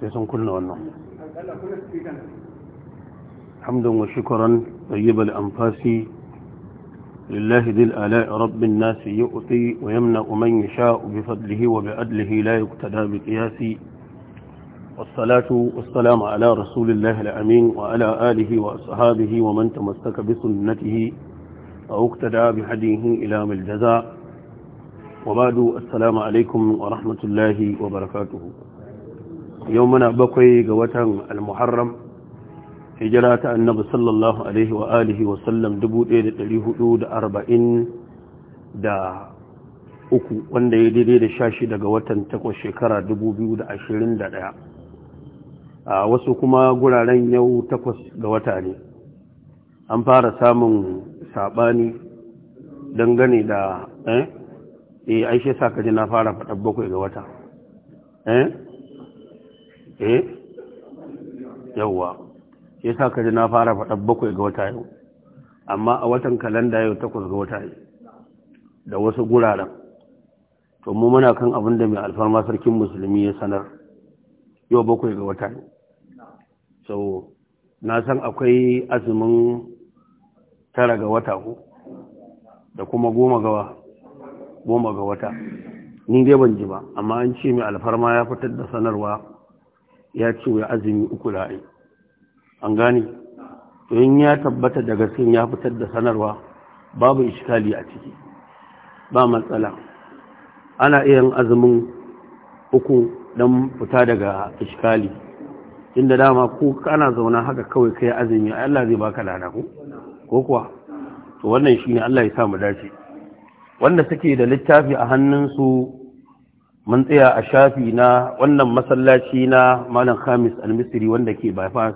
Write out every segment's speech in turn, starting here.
sai sun kunna حمدا وشكرا طيب الأنفاس لله ذي الآلاء رب الناس يؤتي ويمنع من يشاء بفضله وبعدله لا يقتدى بقياس والصلاة والسلام على رسول الله الأمين وعلى آله وأصحابه ومن تمسك بسنته أو اقتدى بهديه إلى الجزاء وبعد السلام عليكم ورحمة الله وبركاته yau muna bakwai ga watan al-muharram hijira ta annabi sallallahu alaihi wa alihi wa sallam 1443 da uku wanda ya daidai da shashi daga watan takwas shekara 2021 a wasu kuma guraren yau takwas ga wata ne an fara samun saɓani dangane da eh eh aishe sakaji na fara faɗa bakwai ga wata eh eh ya yasa ka ji na fara faɗa bakwai ga wata yau amma a watan kalanda yau takwas ga wata yau da wasu guraren to mu muna kan abin da mai alfarma sarkin musulmi ya sanar yau bakwai ga wata yau so na san akwai azumin tara ga wata ko da kuma goma ga goma ga wata ni dai ban ji ba amma an ce mai alfarma ya fitar da sanarwa ya ce ya azumi uku ra'ayi an gane in ya tabbata da gaske ya fitar da sanarwa babu iskali a ciki ba matsala ana iya azumin uku don fita daga iskali inda dama ko kana zauna haka kawai kai azumi Allah zai baka lana ko ko kuwa to wannan shine Allah ya sa mu dace wanda suke da littafi a hannunsu mun tsaya a shafi na wannan masallaci na malam khamis al-misri wanda ke bypass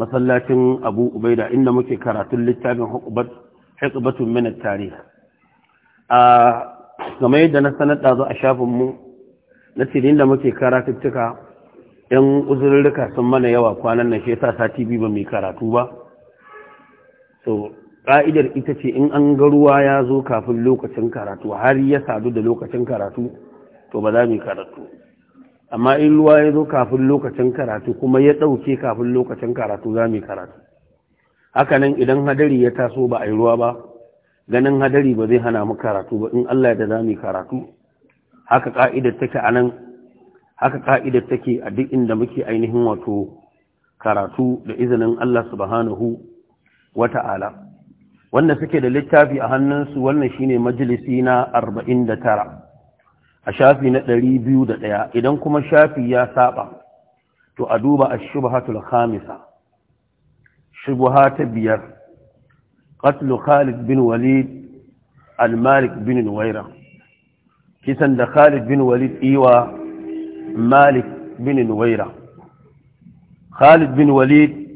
masallacin abu ubaida inda muke karatun littafin hukubatun min tarih a game yadda na sanar da a shafin mu na cikin da muke karatuttuka yan uzurrika sun mana yawa kwanan nan shi ya sati biyu ba mai karatu ba so ka'idar ita ce in an ga ruwa ya zo kafin lokacin karatu har ya sadu da lokacin karatu to ba za mu karatu amma in ruwa ya zo kafin lokacin karatu kuma ya ɗauke kafin lokacin karatu za mu karatu nan idan hadari ya taso ba a yi ruwa ba ganin hadari ba zai hana mu karatu ba in Allah da za mu karatu haka ka'idar take a nan haka ka'idar take a duk inda muke ainihin wato karatu da izinin Allah subhanahu wa ta'ala wanda suke da littafi a hannunsu wannan shine majalisi na 49 a shafi na ɗari biyu da ɗaya idan kuma shafi ya saba to a duba a shubhatul khamisa shubha ta biyar qatlu Khalid bin Walid al-Malik bin Nuwaira kisan da Khalid bin Walid iwa Malik bin Nuwaira Khalid bin Walid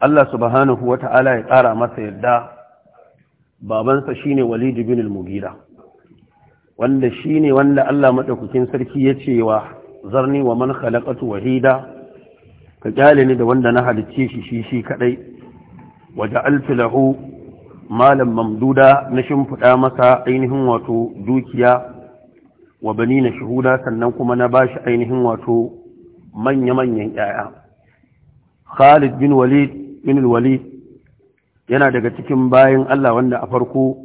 Allah subhanahu wa ta'ala ya ƙara masa yadda babansa shine Walid bin al-Mughira wanda shine wanda Allah madaukakin sarki ya ce wa zarni wa man khalaqatu wahida ka kyale ni da wanda na halicce shi shi shi kadai waja'altu lahu malam mamduda na shimfiɗa masa ainihin wato dukiya wa bani na shuhuda sannan kuma na bashi ainihin wato manya-manyan 'ya'ya. Khalid bin Walid bin Walid yana daga cikin bayan Allah wanda a farko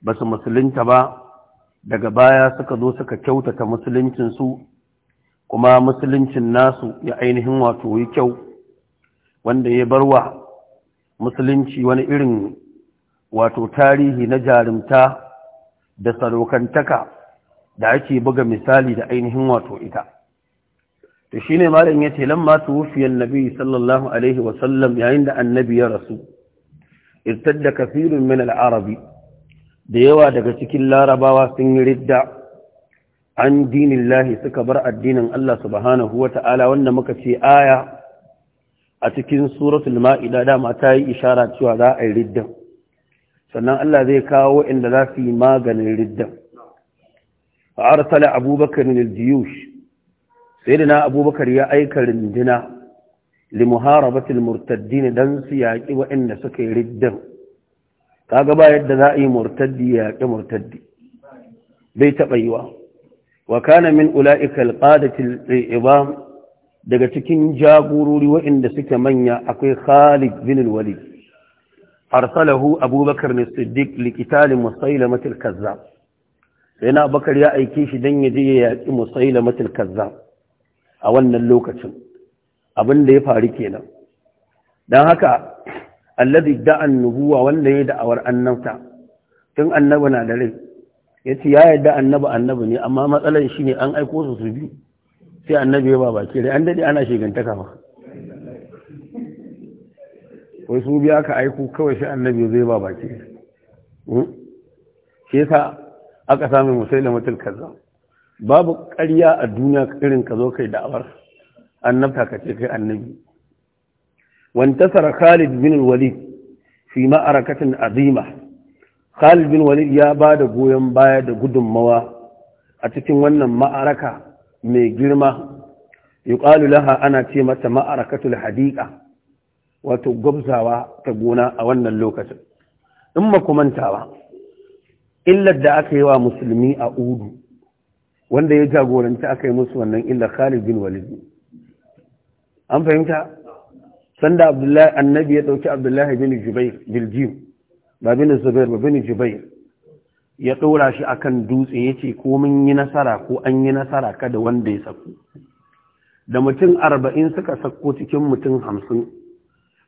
ba su musulunta ba daga baya suka zo suka kyautata musuluncinsu kuma musuluncin nasu ya ainihin wato yi kyau wanda ya barwa musulunci wani irin wato tarihi na jarumta da sadaukantaka da ake buga misali da ainihin wato ita to shine malam yace masu tuwfiya nabi, sallallahu alaihi wasallam yayin da annabi ya rasu da kafirin min al-arabi da yawa daga cikin larabawa sun yi ridda an dinin lahi suka bar addinin Allah subhanahu wa ta'ala wanda muka ce aya a cikin suratul ma'ida dama ta yi ishara cewa za a yi riddan sannan Allah zai kawo inda za su yi maganin riddan a arsala abubakar niljiyush sai da na abubakar ya aika rindina limuharabatul murtaddini don su yaƙi waɗanda suka yi riddan kaga ba yadda za a yi murtaddi ya ƙi murtaddi bai taɓa yiwa wa kana min ula'ika alqadatil ibam daga cikin jagorori waɗanda suke manya akwai Khalid bin Walid arsalahu Abubakar ne Siddiq liqitalin Musailamah al-Kazzab sai na ya aike shi dan yaje ya yaki Musailamah al-Kazzab a wannan lokacin abin da ya faru kenan dan haka alladhi da'a nubuwa wanda ya da'awar annabta tun annabi na da rai yace ya yarda annabi annabi ne amma matsalar shine an aiko su su biyu sai annabi ya ba baki rai an dade ana shigantaka ba wai su biya ka aiko kawai sai annabi zai ba baki hmm? shi yasa aka samu til kazzab babu ƙarya a duniya irin ka zo kai da'awar annabta ka ce kai annabi وانتصر خالد بن الوليد في معركة عظيمة خالد بن الوليد يا بعد قويم بعد قدم موا أتكين ونن معركة من جرمة يقال لها أنا تيمة معركة الحديقة وتقبزها تقونا أولنا اللوكة إما كمانتها illar da aka yi wa musulmi a udu wanda ya jagoranta aka yi musu wannan illa khalid bin walid an fahimta sanda abdullahi annabi ya dauki abdullahi bin jubair biljim ba bin zubair ba bin jubair ya dora shi akan dutse yace ko mun yi nasara ko an yi nasara kada wanda ya sako da mutum arba'in suka sako cikin mutum hamsin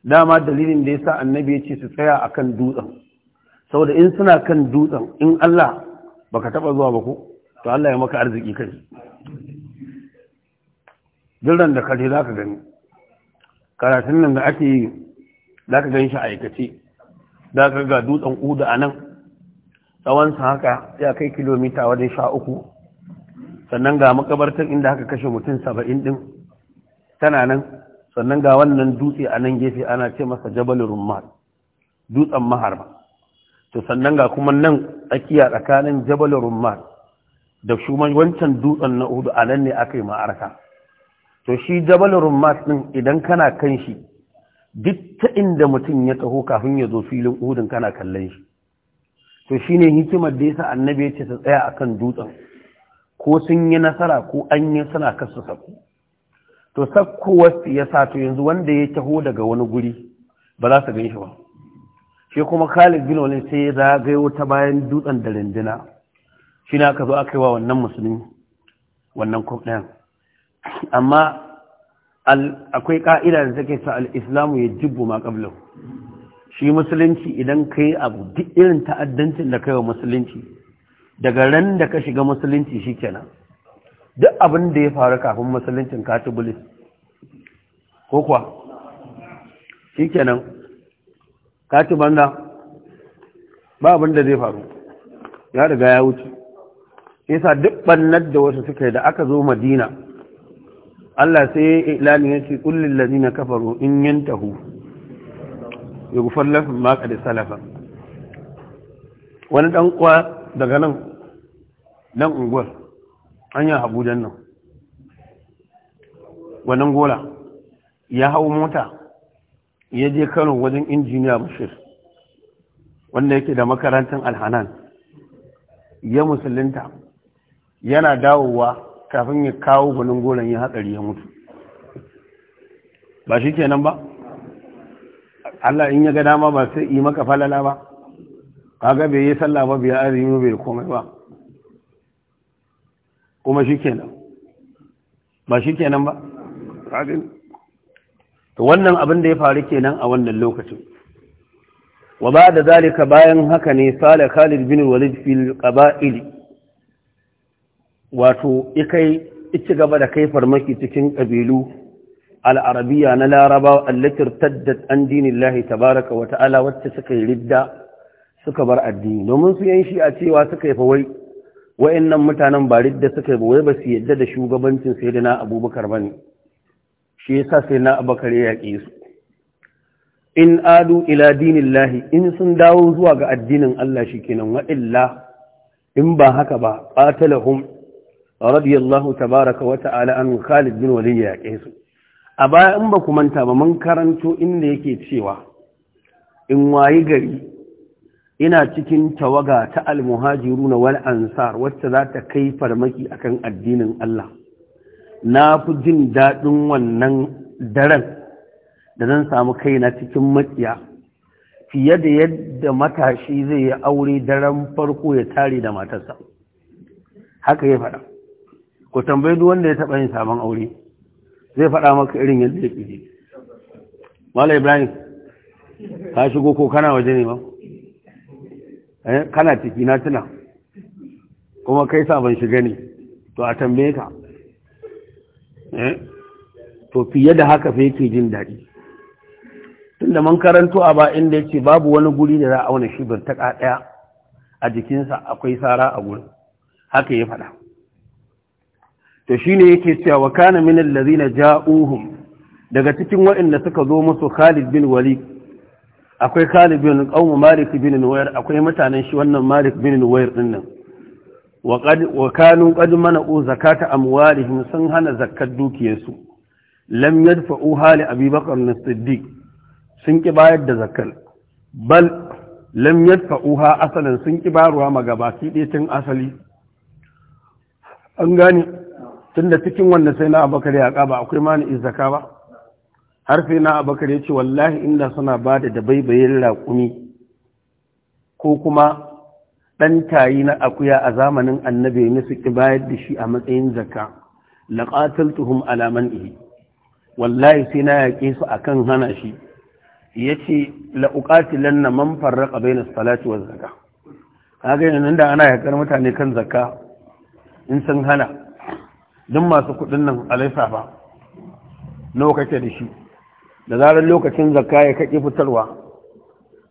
dama dalilin da sa annabi ya ce su tsaya akan dutsen saboda in suna kan dutsen in Allah baka taba zuwa ba ko to Allah ya maka arziki kai jiran da kaje zaka gani karatun nan da ake yi za ka gan shi aikace za ka ga dutsen uda a nan tsawonsa haka ya kai kilomita wajen sha uku sannan ga makabartar inda haka kashe mutum saba'in ɗin tana nan sannan ga wannan dutse a nan gefe ana ce masa jabal rummal dutsen maharba to sannan ga kuma nan tsakiya tsakanin jabal rummal da shuman wancan dutsen na udu a nan ne aka yi ma'arka to shi jabal rummas din idan kana kan shi duk ta inda mutum ya taho kafin ya zo filin uhudin kana kallon shi to shine hikimar da yasa annabi ya ce ta tsaya akan dutsen ko sun yi nasara ko an yi suna su sako to wasu ya sa to yanzu wanda ya taho daga wani guri ba za su gan shi ba shi kuma Khalid bin Walid sai ya zagayo ta bayan dutsen da rindina shi ne aka zo aka yi wa wannan musulmi wannan kwaf amma akwai ka'ida da take sa al-islamu jibbu ma qablahu shi musulunci idan ka yi abu duk irin ta'addancin da ka yi wa musulunci daga ran da ka shiga musulunci shikenan duk abin da ya faru kafin musuluncin ka ci bulis ko kuwa shikenan ka ci banza ba abin da zai faru ya riga ya wuce yasa duk ɓannar da wasu suka yi da aka zo madina Allah sai ya ilamin yake kullin na kafaru in ya yughfar lafin maka da salafa wani dan daga nan nan unguwar anya don nan wani gola ya hau mota ya je Kano wajen injiniya Bashir wanda yake da makarantar Alhanan ya musulunta yana dawowa kafin ya kawo gwanin goron ya hatsari ya mutu ba shi kenan ba Allah in ya ga dama ba sai yi maka falala ba kaga bai yi sallah ba bai azumi bai komai ba kuma shi kenan ba shi kenan ba to wannan abin da ya faru kenan a wannan lokacin wa ba da zalika bayan haka ne sale khalid bin walid fil qaba'ili wato ikai ci gaba da kai farmaki cikin ƙabilu al'arabiya na laraba allatir taddat an dinin lahi tabaraka wa ta'ala wacce suka yi ridda suka bar addini domin su yan shi a cewa suka yi fawai wa'annan mutanen ba ridda suka yi bawai ba su yadda da shugabancin sai da na abubakar ba ne shi yasa sai na abubakar ya yaƙe su in adu ila dinin lahi in sun dawo zuwa ga addinin allah shi kenan wa illa in ba haka ba ƙatalahum radiyallahu tabaraka wata ta'ala an Khalid bin Walid ya yake su a baya in ba ku manta ba mun karanto inda yake cewa in wayi gari ina cikin tawaga ta na wal ansar wacce za ta kai farmaki akan addinin Allah na fi jin daɗin wannan daren da zan samu kaina cikin makiya fiye da yadda matashi zai yi aure daren farko ya tare da matarsa haka ya faɗa ko tambayi duk wanda ya taɓa yin sabon aure zai faɗa maka irin yadda ya ƙiji mala ibrahim ka shigo ko kana waje ne ba eh, kana ciki na tuna kuma kai sabon shiga ne to a tambaye ka eh, to fiye da haka fa yake jin daɗi Tun da man karanto a ba inda yake babu wani guri da za a auna shi ta ɗaya a jikinsa akwai sara a gurin haka ya faɗa to ne yake cewa wa kana min allazina ja'uhum daga cikin waɗanda suka zo musu Khalid bin Walid akwai Khalid bin Qawm Malik bin Nuwayr akwai mutanen shi wannan Malik bin Nuwayr din nan wa qad wa kanu qad mana'u zakata amwalihim sun hana zakkar dukiyarsu lam yadfa'u hali Abi Bakr as-Siddiq sun ki bayar da zakkar bal lam ha asalan sun ki baruwa magabaki ɗaya tun asali an gane tunda cikin wanda sai na abakar ya ba akwai mani zaka ba har sai na abakar ya ce wallahi inda suna ba da dabaibayin raƙumi ko kuma ɗan tayi na akuya a zamanin annabi ne su bayar da shi a matsayin zakka laqataltuhum ala man'ihi wallahi sai na yaƙe su akan hana shi yace la'uqatilanna man bai na salati waz zakka kaga yanzu da ana yaƙar mutane kan zakka in sun hana duk masu kuɗin nan a lissafa nawa kake da shi da zarar lokacin zakka ya kake fitarwa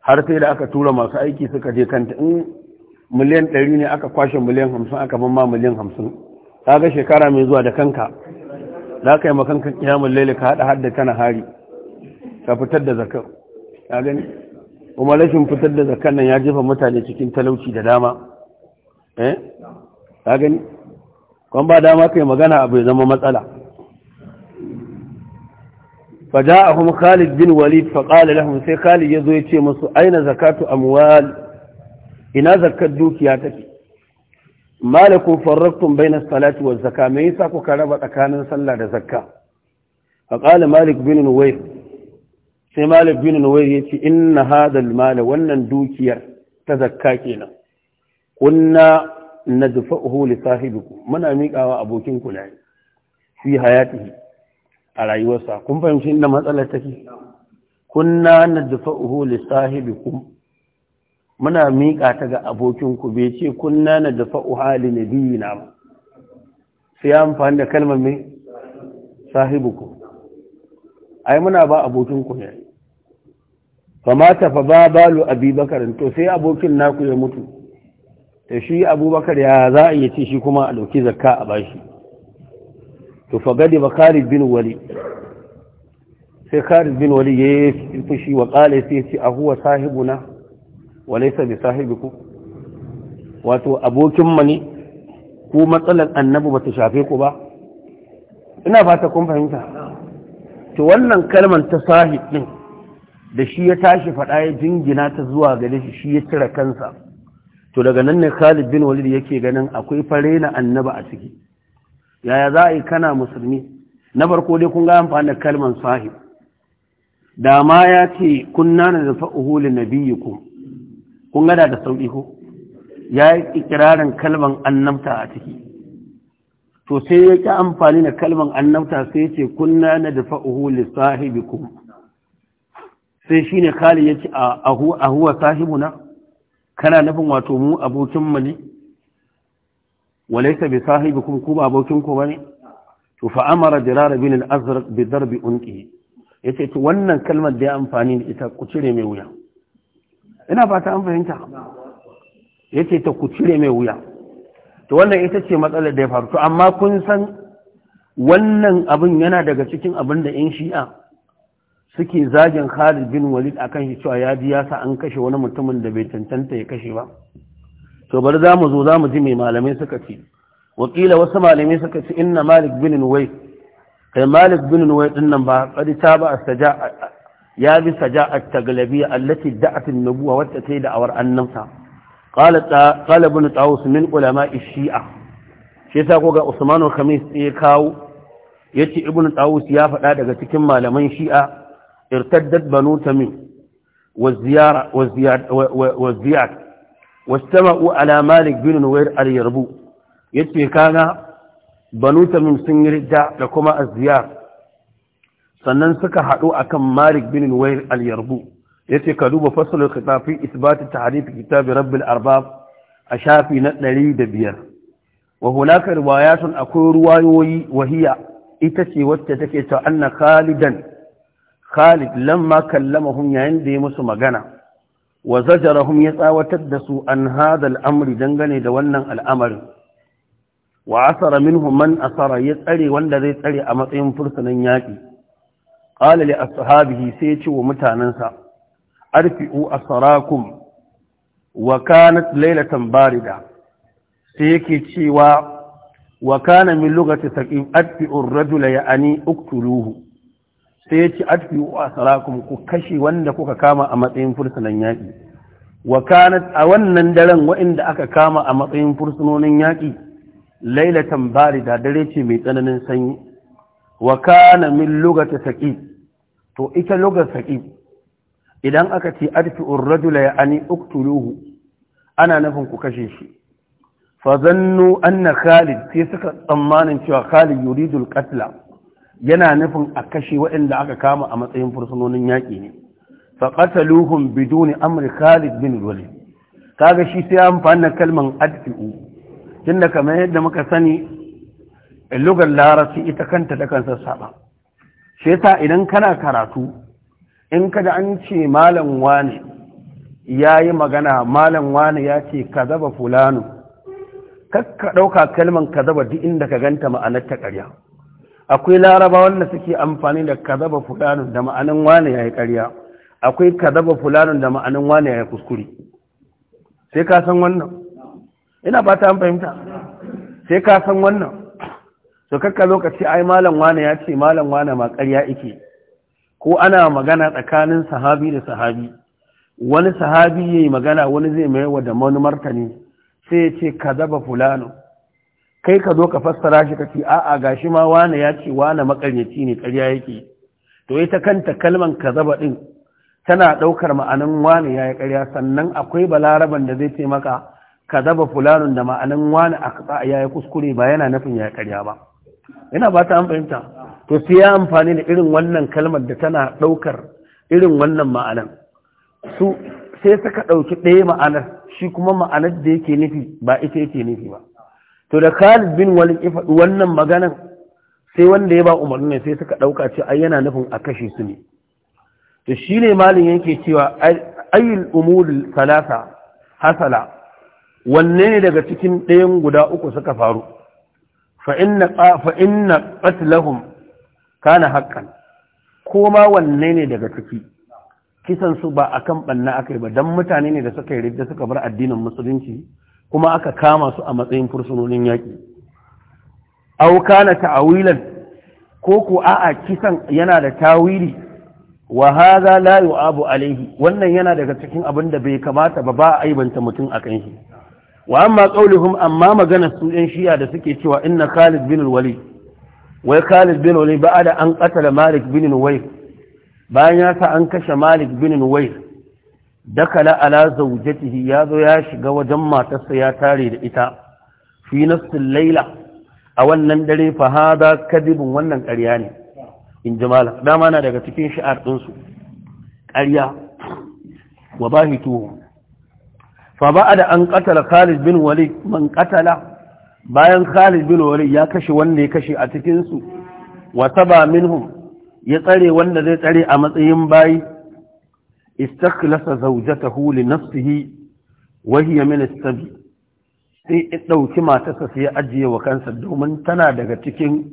har sai da aka tura masu aiki suka je kanta in miliyan ɗari ne aka kwashe miliyan hamsin aka ban ma miliyan hamsin kaga shekara mai zuwa da kanka za ka yi makankan kiyamun laili ka haɗa hadda kana hari ka fitar da zakar ka gani kuma rashin fitar da zakar nan ya jefa mutane cikin talauci da dama eh ka gani kwan ba dama kai magana abu zama matsala faja a kuma khalid bin walid faƙali lahun sai khalid ya zo ya ce masu aina zakatu amwal ina zakar dukiya ta take malakun farraktun bainar salati wa zaka me yasa kuka raba tsakanin sallah da zakka faƙali malik bin nuwair sai malik bin nuwair ya ce inna hadal mala wannan dukiyar ta zakka kenan kunna Na nadfa'uhu li sahibiku muna miƙawa abokin ku ne fi hayatihi a rayuwarsa kun fahimci inda matsalar take kunna na nadfa'uhu li sahibiku. muna miƙa ta ga abokin ku bai ce kunna nadfa'uha li nabiyina ba sai ya amfani da kalmar me sahibiku ai muna ba abokin ku ne fa mata fa ba balu abubakar to sai abokin naku ya mutu ta shi abubakar ya za a yi ce shi kuma a ɗauki zakka a bashi to fagadi ba khalid bin wali sai khalid bin wali ya yi fushi wa ƙale sai ce a huwa sahibuna wa laisa bi sahibiku wato abokin mani ne matsalar annabu ba ta shafe ku ba ina fata kun fahimta to wannan kalmar ta sahib din da shi ya tashi faɗa ya jingina ta zuwa gare shi shi ya cire kansa to daga nan ne Khalid bin Walid yake ganin akwai fare na annaba a ciki yaya za a yi kana musulmi na farko dai kun ga amfani da kalman sahib da ma ya ce kunna na fa'uhu li nabiyikum kun gada da sauki ko ya yi ikirarin kalman annabta a ciki to sai ya ƙi amfani da kalman annabta sai ya ce kunna da fa'uhu li sahibikum sai shine ne kali ya ce a huwa sahibuna kana nufin wato mu abokin mu ne walaysa bi sahibikum ku ba abokin ku bane to fa amara dirar bin al-azraq bi darb unqi yace to wannan kalmar da ya amfani da ita ku cire mai wuya ina fata an fahimta yace ta ku cire mai wuya to wannan ita ce matsalar da ya faru to amma kun san wannan abin yana daga cikin abin da in shi'a suke zagin Khalid bin Walid akan shi cewa ya ji ya sa an kashe wani mutumin da bai tantanta ya kashe ba to bari za mu zo za mu ji mai malamai suka ce wakila wasu malamai suka ce inna Malik bin Nuwai kai Malik bin Nuwai din nan ba kadi ta ba saja ya bi saja at-taglabiyya allati da'at an wacce ta yi da'awar annabta Kala bin Tawus min ulama Shi'a shi yasa ko ga Usman al-Khamis ya kawo yace ibn Tawus ya faɗa daga cikin malaman Shi'a ارتدت بنو تميم والزيارة والزيارة واستمعوا على مالك بن نوير علي ربو يتبه كان بنو تميم سنجر دع لكما الزيارة سننسك حقوا أكم مالك بن نوير علي ربو يتبه كذوب فصل الخطاب في إثبات تحريف كتاب رب الأرباب أشافي نتنى لي وهناك روايات أكو رواي وهي إتسي وستتكي أن خالداً khalid lamma kallamahum yayin da ya musu magana wa zajarahum ya tsawatar da su an hada al'amri dangane da wannan al'amarin wa asara minhum man asara ya tsare wanda zai tsare a matsayin fursunan yaƙi qala a ashabihi sai ya ce wa mutanensa arfi'u asarakum wa kanat laylatan barida sai yake cewa wa kana min lugati saqim arfi'u ar-rajula ya'ani uktuluhu sai ya ci atfi wa sarakun ku kashe wanda kuka kama a matsayin fursunan yaƙi wa kanat a wannan daren wa'inda aka kama a matsayin fursunonin yaƙi lailatan barida dare ce mai tsananin sanyi wa kana min lugata saqi to ita lugar saqi idan aka ce atfi ar-rajula ani uktuluhu ana nufin ku kashe shi fa zannu anna khalid sai suka tsammanin cewa khalid yuridul qatla yana nufin a kashe waɗanda aka kama a matsayin fursunonin yaƙi ne faƙataluhun biduni amri khalid bin walid kaga shi sai amfani da kalman adfi'u tunda kamar yadda muka sani lugar larasi ita kanta da kansa saba shi idan kana karatu in kada an ce malam wane ya yi magana malam wane ya ce 'Ka zaba fulano kakka ɗauka kalman kazaba duk inda ka ganta ma'anar ta ƙarya akwai laraba wanda suke amfani da kazaba fulanin da ma'anin wane ya yi ƙarya akwai kazaba fulanin da ma'anin wane ya yi kuskure sai ka san wannan ina ba ta fahimta sai ka san wannan su kakka lokaci ai malam wane ya ce malam wane ma ƙarya ike ko ana magana tsakanin sahabi da sahabi wani sahabi ya yi magana wani zai mai wa da wani martani sai ya ce kazaba fulanin kai ka zo ka fassara shi ka ce a'a gashi ma wane ya ce wane makaryaci ne ƙarya yake to ita kanta kalman kazaba din tana ɗaukar ma'anin wane ya yi ƙarya sannan akwai balaraban da zai ce maka kazaba fulanun da ma'anin wane a ya yi kuskure ba yana nufin ya yi ƙarya ba yana ba ta fahimta to sai ya amfani da irin wannan kalmar da tana ɗaukar irin wannan ma'anan su sai suka ɗauki ɗaya ma'anar shi kuma ma'anar da yake nufi ba ita yake nufi ba to da Khalid bin Walid ya faɗi wannan maganan sai wanda ya ba umarni sai suka ɗauka ce ai yana nufin a kashe su ne to shine malin yake cewa ayyul umur salasa hasala wanne ne daga cikin ɗayan guda uku suka faru fa inna fa inna qatlahum kana haqqan ko ma wanne ne daga ciki kisan su ba akan banna akai ba dan mutane ne da suka yi suka bar addinin musulunci kuma aka kama su a matsayin fursunonin yaƙi au kana ta'awilan ko ko a'a kisan yana da tawili wa haza la yu'abu alaihi wannan yana daga cikin abin da bai kamata ba ba aibanta mutum a kan shi wa amma qauluhum amma magana su ɗan shiya da suke cewa inna Khalid bin Walid wai Khalid bin Walid da an qatala Malik bin Nuwayr bayan ya sa an kashe Malik bin Nuwayr dakala ala zaujatihi ya zo ya shiga wajen matarsa ya tare da ita fi nassin laila a wannan dare fa hada kadibun wannan ƙarya ne in jimala dama na daga cikin shi'ar su ƙarya wa bahituhu fa ba da an katala Khalid bin Walid man katala bayan Khalid bin Walid ya kashe wanda ya kashe a cikin su wa saba minhum ya tsare wanda zai tsare a matsayin bayi istakhlasa zawjatahu li nafsihi wa hiya min as-sabi sai ya dauki matarsa sai ya ajiye wa kansa domin tana daga cikin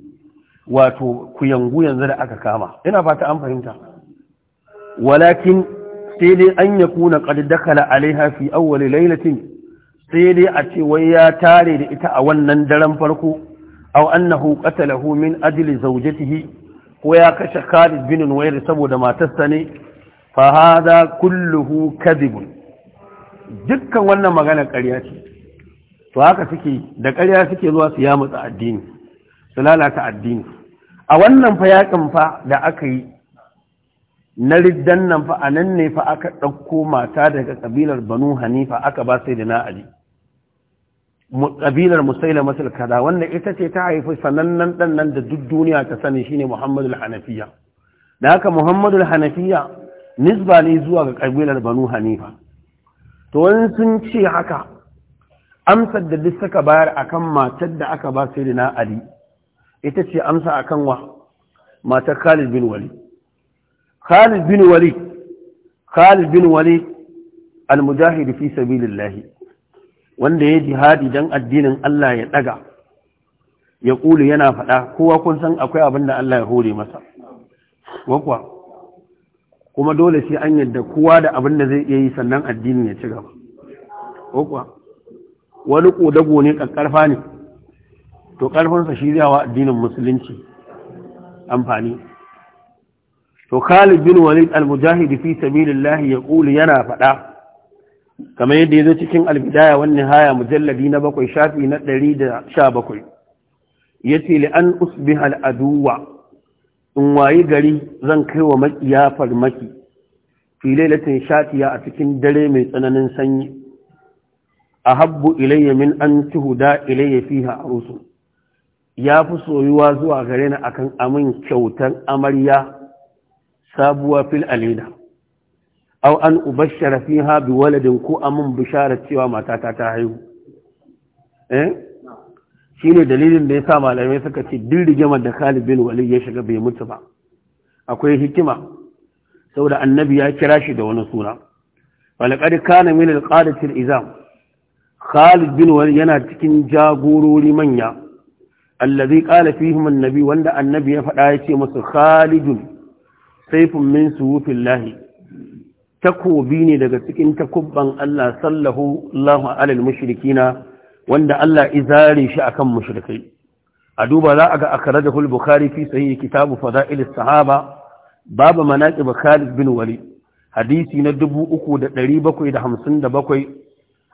wato kuyangu yanzu da aka kama ina fata an fahimta walakin sai dai an kuna qad dakala alaiha fi awwal laylatin sai dai a ce wai ya tare da ita a wannan daren farko aw annahu qatalahu min ajli zawjatihi ko ya kashe Khalid bin Nuwayr saboda matarsa ne fahada kulluhu Kadibun. dukkan wannan magana ƙarya ce to haka suke da ƙarya suke zuwa su yamutsa addini su lalata addini a wannan fa yakin fa da aka yi na riddan nan fa anan ne fa aka ɗauko mata daga kabilar banu hanifa aka ba sai da na ali kabilar musaila masul kaza wanda ita ce ta haifi sanannen ɗan nan da duk duniya ta sani shine muhammadu hanafiya da haka muhammadu hanafiya nisba ne zuwa ga kabilar banu hanifa to wani sun ce haka amsar da duk suka bayar akan matar da aka ba sai na ali ita ce amsa akan wa matar khalid bin wali khalid bin wali khalid bin wali al-mujahid fi sabilillah wanda ya jihadi dan addinin Allah ya daga ya kulu yana faɗa kowa kun san akwai abinda Allah ya hore masa wakwa kuma dole sai an yadda kowa da abin da zai iya yi sannan addini ya ci gaba wani ƙodago ne ƙarfa ne to ƙarfinsa shi zai wa addinin musulunci amfani to Khalid bin Walid al-Mujahid fi sabilillah ya ƙuli yana faɗa kamar yadda ya zo cikin albidaya wani haya mujalladi na bakwai shafi na ɗari da sha bakwai ya ce li'an usbi al'aduwa in wayi gari zan kai wa makiya farmaki filailatin shatiya a cikin dare mai tsananin sanyi ahabbu ilayya min an tuhuda ilayya fiha arusu ya fi soyuwa zuwa gare ni akan amin kyautar amarya sabuwa fil alida aw an ubashshara fiha bi waladin ko amin bishara cewa matata ta haihu eh shine dalilin da ya sa malamai suka ce duk rigimar da Khalid bin Walid ya shiga bai mutu ba akwai hikima saboda annabi ya kira shi da wani suna walaqad kana min alqadati alizam Khalid bin Walid yana cikin jagorori manya allazi qala fihim annabi wanda annabi ya faɗa ya ce musu Khalidun sayfun min sufillahi takobi ne daga cikin takubban Allah sallahu Allahu alal mushrikina wanda Allah izare shi akan mushrikai a duba za a ga akhrajahu al-bukhari fi sahih kitab fada'il as-sahaba bab manaqib Khalid bin wali hadisi na 3757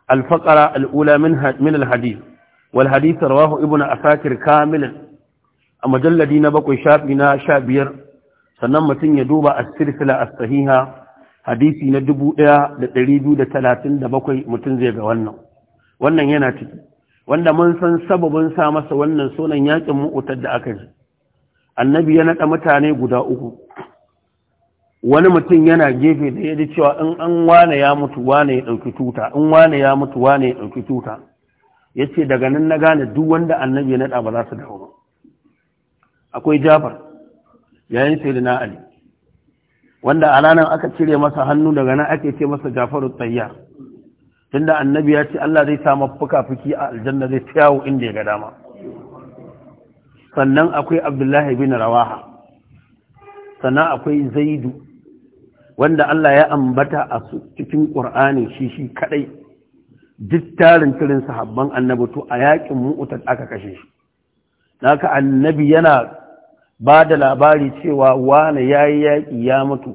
al-faqra al-ula min min al-hadith wal hadith rawahu ibnu asakir kamil a mujalladi na 7 shafi na 15 sannan mutun ya duba as-silsila as-sahiha hadisi na 1237 mutun zai ga wannan wannan yana ciki wanda mun san sababin sa masa wannan sunan yakin mu'utar da aka ji annabi ya naɗa mutane guda uku wani mutum yana gefe da ya cewa in an wane ya mutu wane ya ɗauki tuta in wane ya mutu wane ya ɗauki tuta ya ce daga nan na gane duk wanda annabi ya naɗa ba za su dawo ba akwai jafar yayin sai na ali wanda a ranar aka cire masa hannu daga nan ake ce masa jafaru tsayyar tunda annabi ya ce Allah zai sa fuka a aljanna zai tiyawo inda ya ga dama sannan akwai abdullahi bin rawaha sannan akwai zaidu wanda Allah ya ambata a cikin ƙur'ani shi shi kaɗai duk tarin sahabban annabi to a yakin mu'utar aka kashe shi naka annabi yana ba da labari cewa wane ya yi yaƙi ya mutu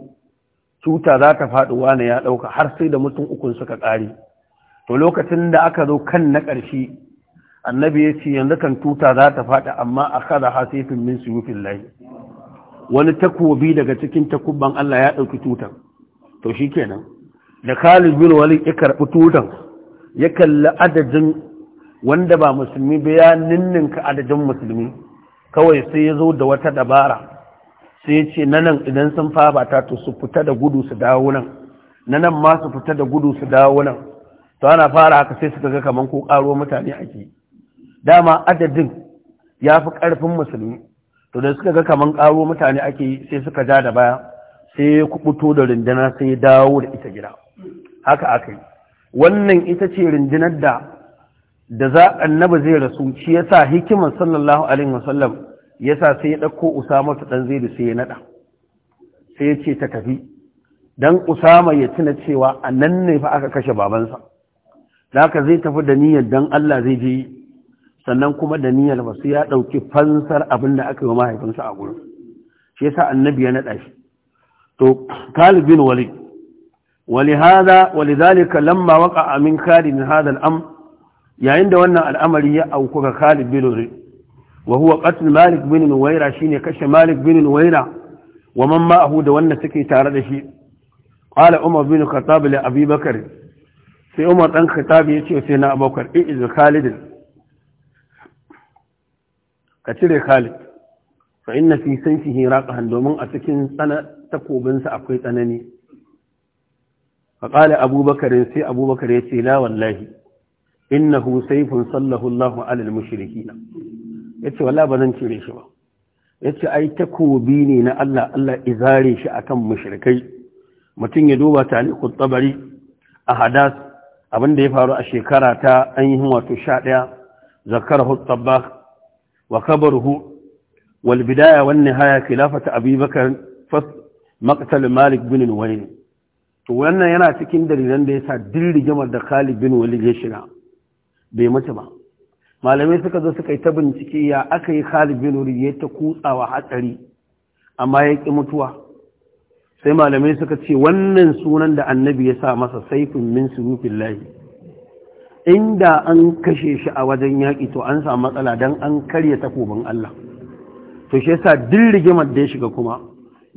cuta za ta faɗi wane ya ɗauka har sai da mutum ukun suka ƙare to lokacin da aka zo kan na ƙarshe annabi ya ce yanzu kan tuta za ta faɗi amma a kada hasifin min su yufin lahi wani takobi daga cikin takubban Allah ya ɗauki tutan to shi kenan da Khalid bin Walid ya karɓi tutan ya kalli adadin wanda ba musulmi ba ya ninninka adadin musulmi kawai sai ya zo da wata dabara sai ya ce na nan idan sun fabata to su fita da gudu su dawo nan na nan ma su fita da gudu su dawo nan to ana fara haka sai suka ga kaman ko karo mutane ake dama adadin ya fi ƙarfin musulmi to da suka ga kaman karo mutane ake sai suka ja da baya sai ya kubuto da rindina sai ya dawo da ita gida haka aka yi wannan ita ce rindinar da da za annabi zai rasu shi yasa hikimar sallallahu alaihi wasallam yasa sai ya ɗauko usama ta dan zai sai ya naɗa sai ya ce ta tafi dan usama ya tuna cewa a ne fa aka kashe babansa haka zai tafi da niyyar dan Allah zai je sannan kuma da niyyar wasu ya ɗauki fansar abin da aka yi wa mahaifinsa a gurin shi sa annabi ya naɗa shi to kalibin wali wali hada wali zalika lamma waka amin kalibin hada al'am yayin da wannan al'amari ya auku ga kalib bin wali wa huwa malik bin nuwaira shine kashe malik bin Waira wa man ma'ahu da wanda suke tare da shi qala umar bin khattab li abi bakr sai umar ɗan khattab ya ce sai na abubakar izu khalidin ka cire khalid fa inna fi ka hannu, domin a cikin tsana takobinsa akwai tsanani fa qala abubakar sai abubakar ya ce la wallahi innahu sayfun sallahu Allahu ala al-mushrikin yace wallahi ba zan cire shi ba yace ai takobi ne na Allah Allah izare shi akan mushrikai mutum ya duba taliqut tabari a hadas abin da ya faru a shekara ta ainihin wato sha ɗaya zakar hutsabba wa kabaruhu wal bidaya wan nihaya khilafata abi bakar fas maqtal malik bin walid to wannan yana cikin dalilan da ya sa din rigimar da Khalid bin Walid ya shiga bai mutu ba malamai suka zo suka yi ta bincike ya aka yi Khalid bin Walid ya ta kutsawa hatsari amma ya ki mutuwa sai malamai suka ce wannan sunan da annabi ya sa masa saifin min surufin lahi inda an kashe shi a wajen yaƙi to an samu matsala don an karya takobin Allah to shi yasa duk rigimar da ya shiga kuma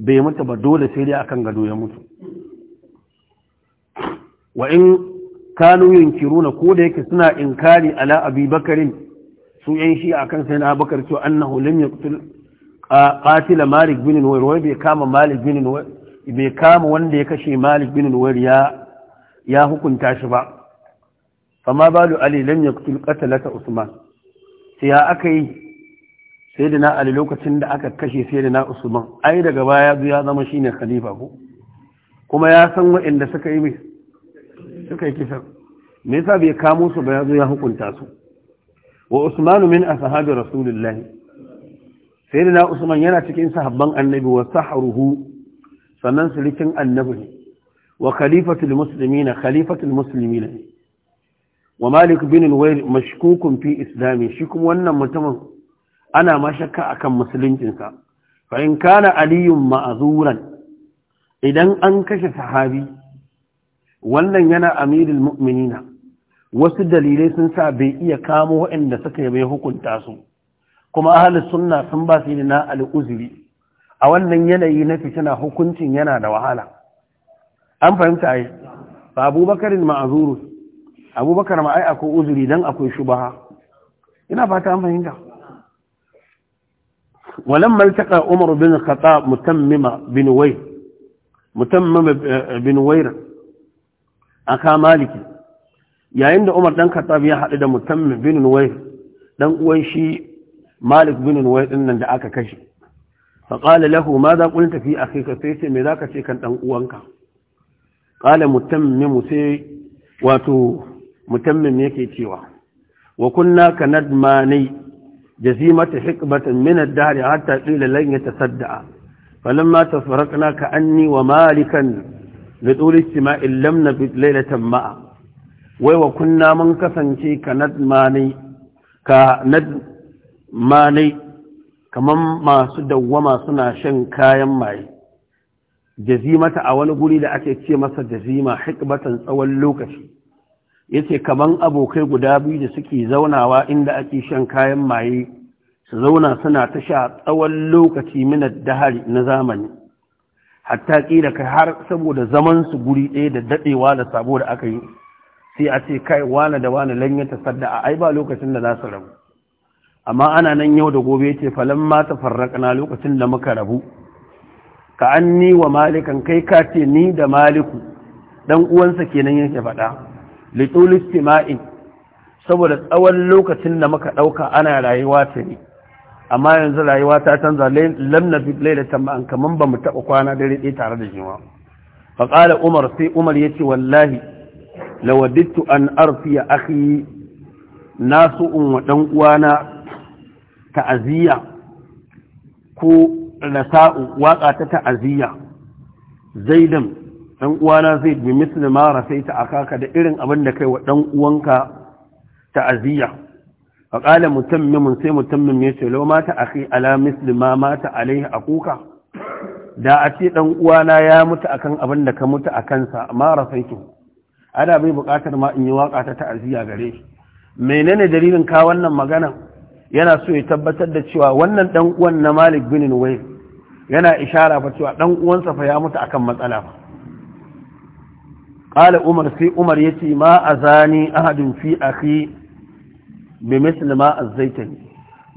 bai mutu ba dole sai dai akan gado ya mutu wa in kanu yunkiruna ko da yake suna inkari ala abi bakarin su yan shi akan sai na bakar cewa annahu lam yaqtul qatila malik bin nuwayr wai bai kama malik bin nuwayr bai kama wanda ya kashe malik bin nuwar ya hukunta shi ba fama balu ali lam yaqtul qatalata usman sai ya aka yi sayyidina ali lokacin da aka kashe sayyidina usman ai daga baya ya zama shine khalifa ko kuma ya san waɗanda suka yi suka yi kisar. me yasa bai kamo su ba ya zo hukunta su wa usman min ashabi rasulullahi sayyidina usman yana cikin sahabban annabi wa sahruhu sannan surikin annabi ne wa khalifatul muslimina khalifatul muslimina ne wa malik bin al-wayl mashkukun fi islami shi kuma wannan mutumin ana ma shakka akan musuluncinsa fa in kana aliyun ma'zuran idan an kashe sahabi wannan yana amirul mu'minina wasu dalilai sun sa bai iya kamo waɗanda suka yi hukunta su kuma ahalus sunna sun ba su na al'uzuri a wannan yanayi na fitina hukuncin yana da wahala an fahimta ai ba abubakarin ma'azuru abubakar ma ai akwai uzuri don akwai shubaha ina fata an fahimta ولما التقى عمر بن الخطاب متمم بن bin Waira, بن وير أخا yayin da umar dan kata الخطاب haɗu da mutammima bin wai dan uwan shi Malik bin wai ɗin nan da aka kashe فقال له ماذا قلت في أخيك سيتي مذاك سيكن أنقوانك قال متمم سي واتو متمم يكي تيوا وكنا كندماني جزيمة حقبة من الدهر حتى قيل لن يتصدع فلما تفرقنا كأني ومالكا لطول السماء لم نبت ليلة معه wai wa kunna mun kasance ka nadmanai kamar masu dawwama suna shan kayan maye jazimata a wani guri da ake ce masa jazima hikbatan tsawon lokaci yace kaman abokai guda biyu da suke zaunawa inda ake shan kayan maye su zauna suna ta sha tsawon lokaci minar dahari na zamani hatta kila kai har saboda zaman su guri ɗaya da daɗewa da sabo da aka yi sai a ce kai wane da wane lanyata ya a ai ba lokacin da za su rabu amma ana nan yau da gobe ce falon mata farraƙana lokacin da muka rabu ka an wa malikan kai ka ce ni da maliku ɗan uwansa kenan yake faɗa littulis tima'in saboda tsawon lokacin da muka ɗauka ana rayuwa ta ne amma yanzu rayuwa ta canza lamna fi lailatan ma'an kaman ba mu taɓa kwana dare ɗaya tare da jima fa ƙala umar sai umar ya ce wallahi lawadittu an arfiya akhi na so in wa ɗan uwana ta'aziyya ko rasa'u waƙa ta ta'aziyya zaidan ɗan uwana zai bi misli ma rasaita akaka da irin abin da kai wa ɗan uwanka ta'aziyya fa qala mutammimun sai mutammin ya ce law mata akhi ala misli ma mata alaihi akuka da a ce ɗan uwana ya mutu akan abin da ka mutu akan sa ma rasaitu ana bai bukatar ma in yi waƙa ta ta'aziyya gare shi menene dalilin ka wannan maganan yana so ya tabbatar da cewa wannan dan uwan na Malik bin Nuwayr yana ishara fa cewa dan uwansa fa ya mutu akan matsala fa qala Umar sai Umar yace ma azani ahadun fi akhi bi misli ma azaitani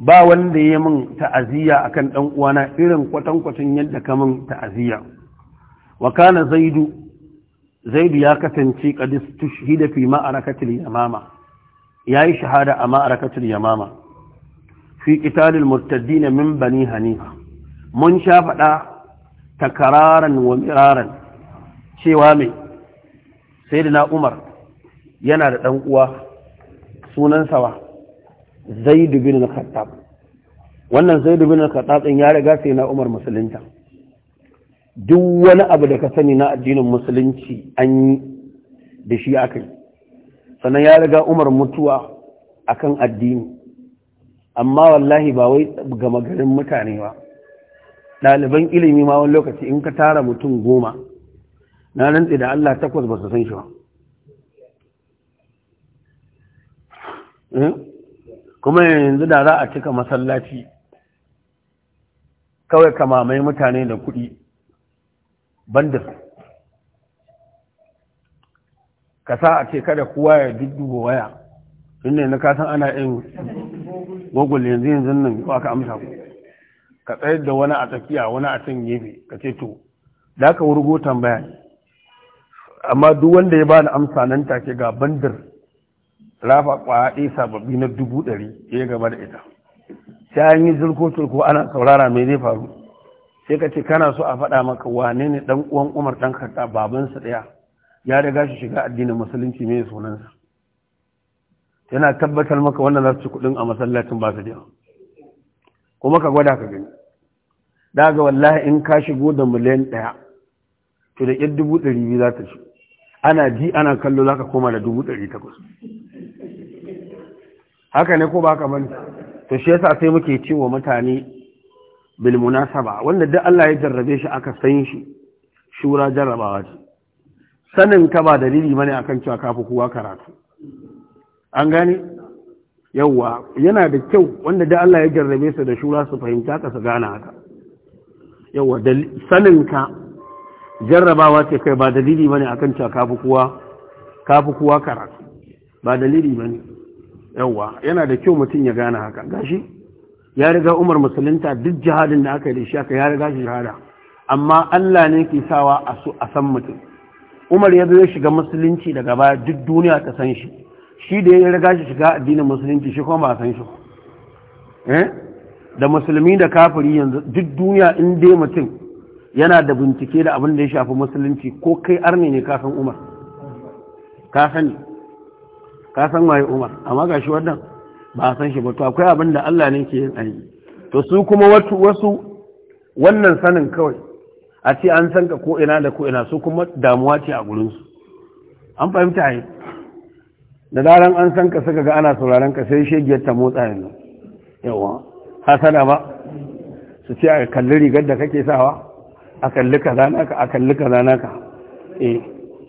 ba wanda ya min ta'aziyya akan dan uwana irin kwatan-kwatan yadda ka min ta'aziyya wa kana zaidu zaidu ya kasance qad tushhida fi ma'arakatil yamama yayi shahada a ma'arakatil yamama fi qitalil murtaddin min bani hanifa mun sha faɗa takararan wa miraran cewa mai sayyidina umar yana da ɗan uwa sunansa wa zaid bin khattab wannan zaid bin khattab din ya riga sai na umar musulunta duk wani abu da ka sani na addinin musulunci an yi da shi aka yi sannan ya riga umar mutuwa akan addini amma wallahi ba wai gama garin mutane ba ɗaliban ilimi ma wani lokaci in ka tara mutum goma na rantsi da Allah takwas ba su san shi ba hmm? kuma yanzu da za a cika masallaci kawai kamamai mutane da kuɗi banda su ka sa a ce kada kuwa ya dudduba waya inda na kasan ana yin google yanzu yanzu nan ko aka amsa ku ka tsayar da wani a tsakiya wani a can gefe ka ce to da ka wurgo tambaya amma duk wanda ya bani amsa nan take ga bandar rafa kwaya ɗaya sababbi na dubu ɗari ya gaba da ita sai an yi zirko turko ana saurara mai zai faru sai ka ce kana so a faɗa maka wane ne ɗan uwan umar ɗan karta babansa ɗaya ya riga shi shiga addinin musulunci mai sunansa yana tabbatar maka wannan za kudin a masallacin ba su jiya kuma ka gwada ka gani daga wallahi in ka shigo da miliyan daya to da ƙyar dubu ɗari biyu za ta ci ana ji ana kallo za ka koma da dubu ɗari takwas haka ne ko ba ka bani to shi yasa sai muke cewa mutane bil munasaba wanda duk Allah ya jarrabe shi aka san shi shura jarrabawa ce sanin ka ba dalili bane akan cewa kafi kowa karatu an gane yawwa yana da kyau wanda da Allah ya jarrabe su da shura su fahimta ka su gane haka yawwa da saninka jarrabawa ce kai ba dalili bane akan cewa kafi kowa kafi kowa karatu ba dalili bane yawwa yana da kyau mutum ya gane haka gashi ya riga Umar musulunta duk jihadin da aka yi da shi aka ya riga shi jihada amma Allah ne ke sawa a san mutum Umar ya zo ya shiga musulunci daga baya duk duniya ta san shi shi da ya riga shi shiga addinin musulunci shi kuma ba san shi eh? da musulmi da kafiri yanzu duk duniya in dai mutum yana da bincike da abin da ya shafi musulunci ko kai arne ne ka san umar ka sani ka san waye umar amma ga shi wannan ba san shi ba to akwai abin da Allah ne ke yin aiki to su kuma wasu wannan sanin kawai a ce an san ka ko ina da ko ina su kuma damuwa ce a gurinsu an fahimta yi da daren an san ka suka ga ana sauraron ka sai shegiyar ta motsa yanzu yawa hasada ba su ce a kalli rigar da kake sawa a kalli ka zanaka a kalli ka zanaka eh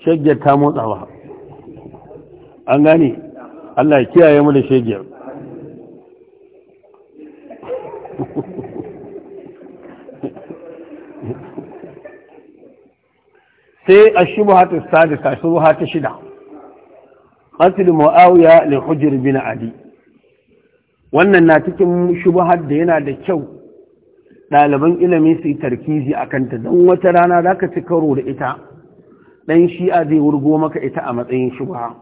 shegiyar ta motsa ba an gane Allah ya kiyaye mu da shegiyar sai a shubuhatu sadisa buhatu shida qatl muawiya li hujr bin adi wannan na cikin shubuhar da yana da kyau ɗaliban ilimi su yi tarkizi a kanta don wata rana za ka ci karo da ita ɗan shi'a zai wurgo maka ita a matsayin shubuha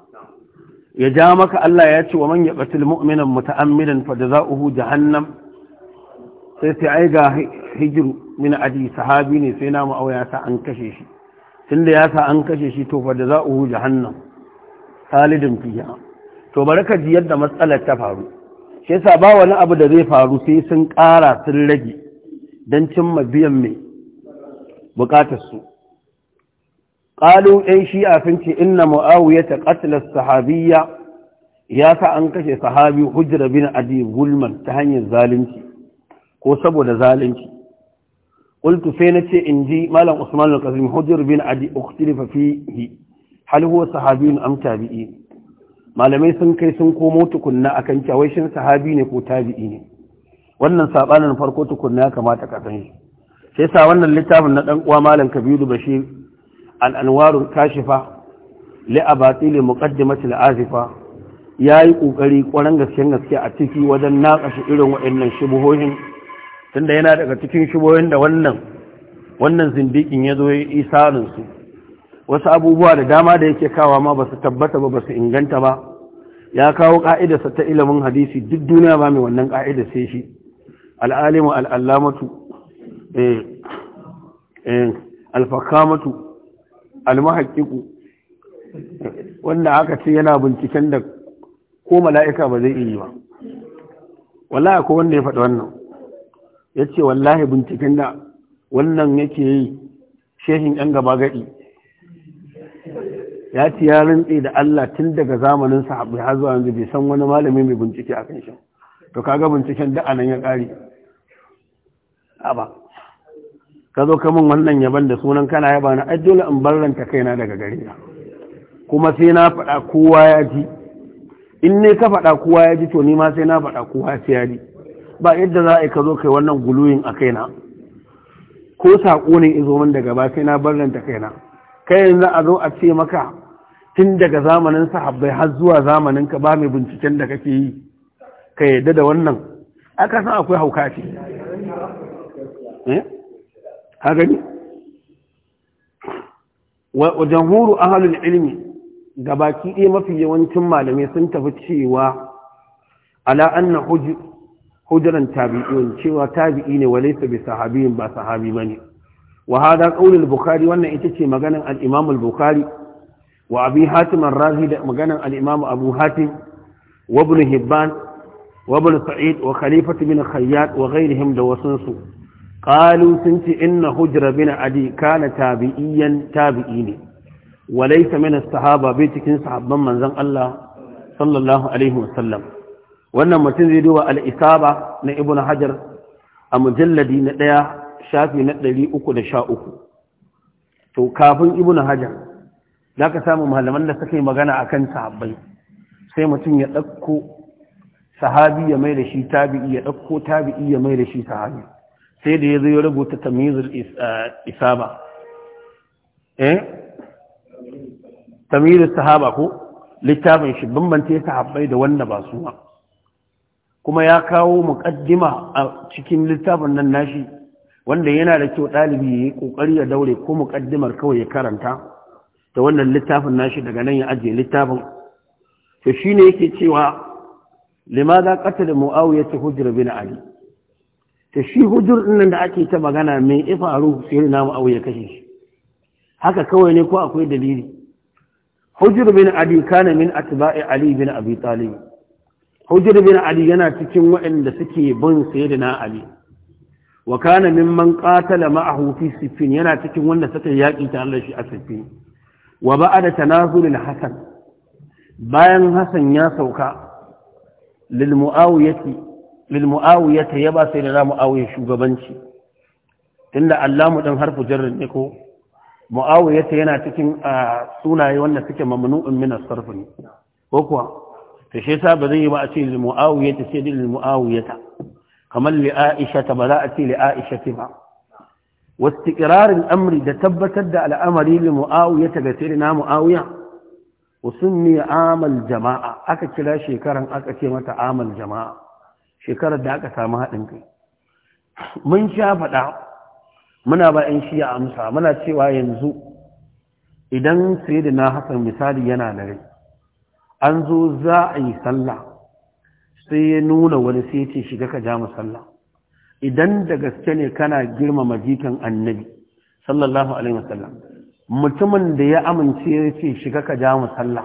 ya ja maka Allah ya ce wa man ya batil mu'minan muta'ammidan fa jazaohu jahannam sai sai ai ga hijiru min adi sahabi ne sai na auya sa an kashe shi tunda ya sa an kashe shi to fa jazaohu jahannam khalidin fiya to bari ka ji yadda matsalar ta faru shi yasa ba wani abu da zai faru sai sun ƙara sun rage don cimma biyan mai buƙatar su ƙalu ɗan a sun ce inna mu'awiyar ta ƙatilar sahabiyya ya sa an kashe sahabi hujjar bin adi gulman ta hanyar zalunci ko saboda zalunci ƙultu sai na ce in ji malam usman al-qasim hujjar bin adi uktilifa fihi hal huwa sahabiyun am tabi'i malamai sun kai sun komo tukunna akan cewa shin sahabi ne ko tabi'i ne wannan sabanin farko tukunna ya kamata ka sani sai sa wannan littafin na dan uwa malam Kabiru Bashir al-anwarul kashifa li abatil muqaddimati al-azifa yayi kokari kwaran gaskiyan gaske a ciki wajen nakashi irin waɗannan shubuhohin tunda yana daga cikin shubuhohin da wannan wannan zindikin zo ya isarin su wasu abubuwa da dama da yake kawa ma ba su tabbata ba ba su inganta ba ya kawo ƙa'idarsa ta ilimin hadisi duk duniya ba mai wannan ƙa'idar sai shi al'alimu al'allamatu eh, eh, alfakamatu almahakiku wanda aka ce yana binciken da ko mala'ika ba zai iya ba wallahi ko wanda ya faɗi wannan ya ce wallahi binciken da wannan yake yi shehin ‘yan gaba gaɗi ya ci ya rintse da Allah tun daga zamanin sahabbai ya zuwa yanzu bai san wani malami mai bincike a kan shi to kaga binciken da anan ya kare ba ka zo kamun wannan yaban da sunan kana yaba na ajjula in barranta kaina daga gare ka kuma sai na faɗa kowa ya ji in ne ka faɗa kowa ya ji to ni ma sai na faɗa kowa sai ya ji ba yadda za a yi ka zo kai wannan guluyin a kaina ko saƙo ne izo min daga ba sai na barranta kaina kai yanzu a zo a ce maka tun daga zamanin sahabbai har zuwa zamanin ka ba mai binciken da kake yi ka yadda da wannan aka san akwai hauka ce ha eh? gani wa jamhuru ahlul ilmi gabaki ɗaya mafi yawancin malamai sun tafi cewa ala anna hujran tabi'in cewa tabi'i ne walaysa bi sahabiyin ba sahabi bane wahada hada qaulul bukhari wannan ita ce maganan al-imam al-bukhari wa abi hatim ar-razi da maganan al-imam abu hatim wa hibban wa sa'id wa khalifatu bin khayyat wa ghayrihim da wasunsu قالوا سنت إن هجر بن عدي كان تابعيا تابعيني وليس من الصحابة بيتك صحابا من زن الله صلى الله عليه وسلم na متنزلوا الإصابة a حجر المجلد ɗaya. shafi na ɗari uku da sha uku to kafin ibnu hajar za ka samu malaman da suka yi magana a kan sahabbai sai mutum ya ɗauko sahabi ya mai da shi tabi'i ya ɗauko tabi'i ya mai da shi sahabi sai da ya zo ya rubuta tamizul eh, isaba eh tamizul sahaba ko littafin shi bambance sahabbai da wanda ba su ma, kuma ya kawo muqaddima a cikin littafin nan nashi wanda yana da kyau ɗalibi yayi yi ƙoƙari ya daure ko muƙaddimar kawai ya karanta da wannan littafin nashi daga nan ya ajiye littafin to shi ne yake cewa limaza ƙatar mu'awiyar ta hujjar bin ali to shi hujjar ɗinnan da ake ta magana mai ifaru sai na ya kashe shi haka kawai ne ko akwai dalili hujjar bin ali kana min atba'i ali bin abi talib hujjar bin ali yana cikin waɗanda suke bin sayyidina ali wa kana mimman qatala ma'ahu fi siffin yana cikin wanda suka yaki ta Allah shi a siffin wa ba'ada tanazulil hasan bayan hasan ya sauka lil muawiyati lil muawiyati ya ba sai da muawiya shugabanci tunda allamu dan harfu jarrin ne ko muawiyati yana cikin sunaye wanda suke mamnu'un min as-sarf ne ko kuwa to shi ba zai yi ba a ce lil muawiyati sai lil muawiyata kamar li'aisha ta ba za a ce li'aisha ta ba wasu ƙirarin amri da tabbatar da al'amari li mu'awiya ta ga sai na mu'awiya Wasu ne amal jama'a aka kira shekaran aka ce mata amal jama'a shekarar da aka samu haɗin kai mun sha faɗa muna ba 'yan shiya amsa muna cewa yanzu idan sai da na hasan misali yana da rai an zo za a yi sallah sai ya nuna wani sai ce shiga ka ja musalla idan da gaske ne kana girmama jikan annabi sallallahu alaihi wasallam mutumin da ya amince ya ce shiga ka ja musalla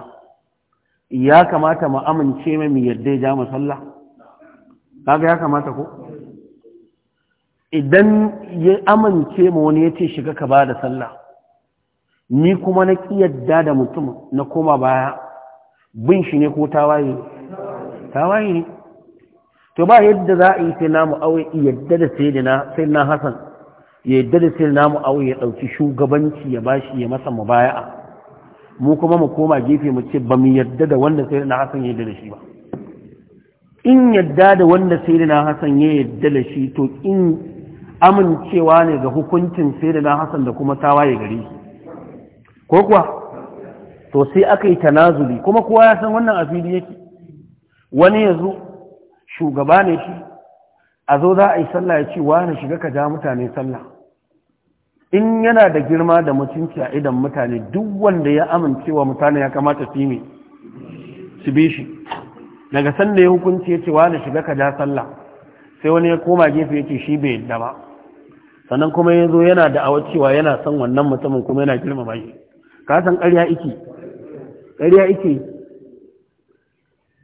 ya kamata mu amince mai mu yadda ya ja musalla kaga ya kamata ko idan ya amince mu wani ya ce shiga ka ba da sallah ni kuma na kiyarda da mutum na koma baya bin shi ne ko tawaye tawaye ne to ba yadda za a yi sai namu aure yadda da sai na sai na hasan yadda da sai namu aure ya ɗauki shugabanci ya bashi ya masa mubaya'a mu kuma mu koma gefe mu ce ba mu yadda da wanda sai na hasan ya yadda da shi ba in yadda da wanda sai na hasan ya yadda da shi to in amincewa ne ga hukuncin sai na hasan da kuma tawaye gare shi ko kuwa to sai aka yi tanazuli kuma kowa ya san wannan asiri yake wani ya zo shugaba ne shi a zo za a yi sallah ya ce na shiga ka ja mutane sallah in yana da girma da mutunci a idan mutane duk wanda ya amincewa mutane ya kamata su yi su bi shi daga sanda ya hukunci ya ce na shiga ka ja sallah sai wani ya koma gefe ya ce shi bai yadda ba sannan kuma ya zo yana da awa cewa yana son wannan mutumin kuma yana girmama shi ka san ƙarya iki ƙarya iki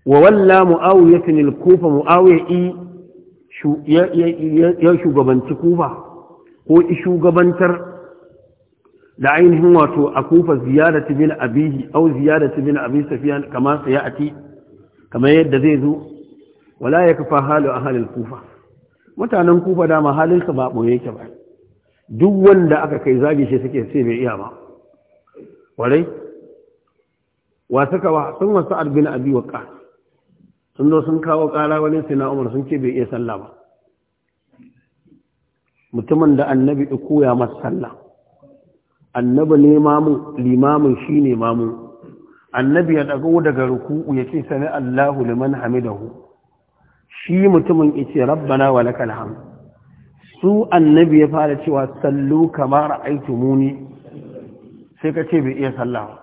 wa walla mu'awiyatun al-kufa mu'awiya ya shugabanci kufa ko shugabantar da ainihin wato a kufa ziyarati bin abihi au ziyarati bin abi safiyan kama sayati kamar yadda zai zo wala yakfa halu ahlil kufa mutanen kufa da mahalin sa ba boye yake ba duk wanda aka kai zagi shi suke sai bai iya ba warai wa saka wa sun wasu bin abi waqas sun zo sun kawo ƙara wani sina umar sun ce bai iya sallah ba mutumin da annabi ya koya masa sallah annabi ne mamun limamin shi ne mamun annabi ya dago daga ruku'u ya ce Sani allahu liman hamidahu shi mutumin ya ce rabbana wa lakal su annabi ya fara cewa sallu kamar muni," sai ka ce bai iya sallah ba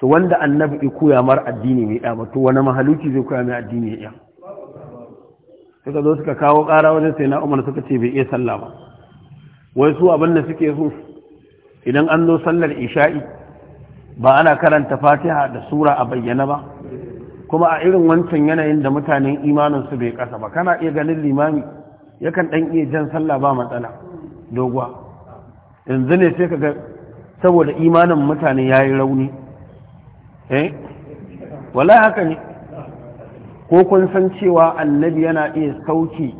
to wanda annabi ya koya mar addini mai ɗa ba to wani mahaluki zai koya mai addini ya ɗaya. suka zo suka kawo ƙara wajen sai na umar suka ce bai iya sallah ba wai su abin da suke so idan an zo sallar isha'i ba ana karanta fatiha da sura a bayyana ba kuma a irin wancan yanayin da mutanen imaninsu bai kasa ba kana iya ganin limami yakan ɗan iya jan sallah ba matsala doguwa yanzu ne sai ka ga saboda imanin mutane ya yi rauni Eh? wala haka ne ko kun san cewa annabi yana iya sauki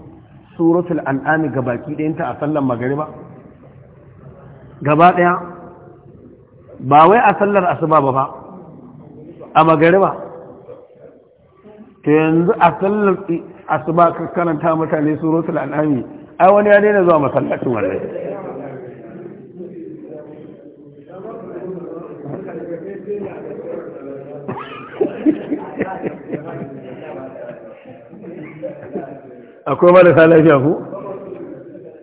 suratul an'ami ga baki ɗayanta a sallar magariba gaba ɗaya ba wai a sallar asuba ba ba a magariba to yanzu a sallar asuba karanta mutane suratul an'ami ai wani ya daina zuwa masallacin wallahi akwai marasa lafiya ko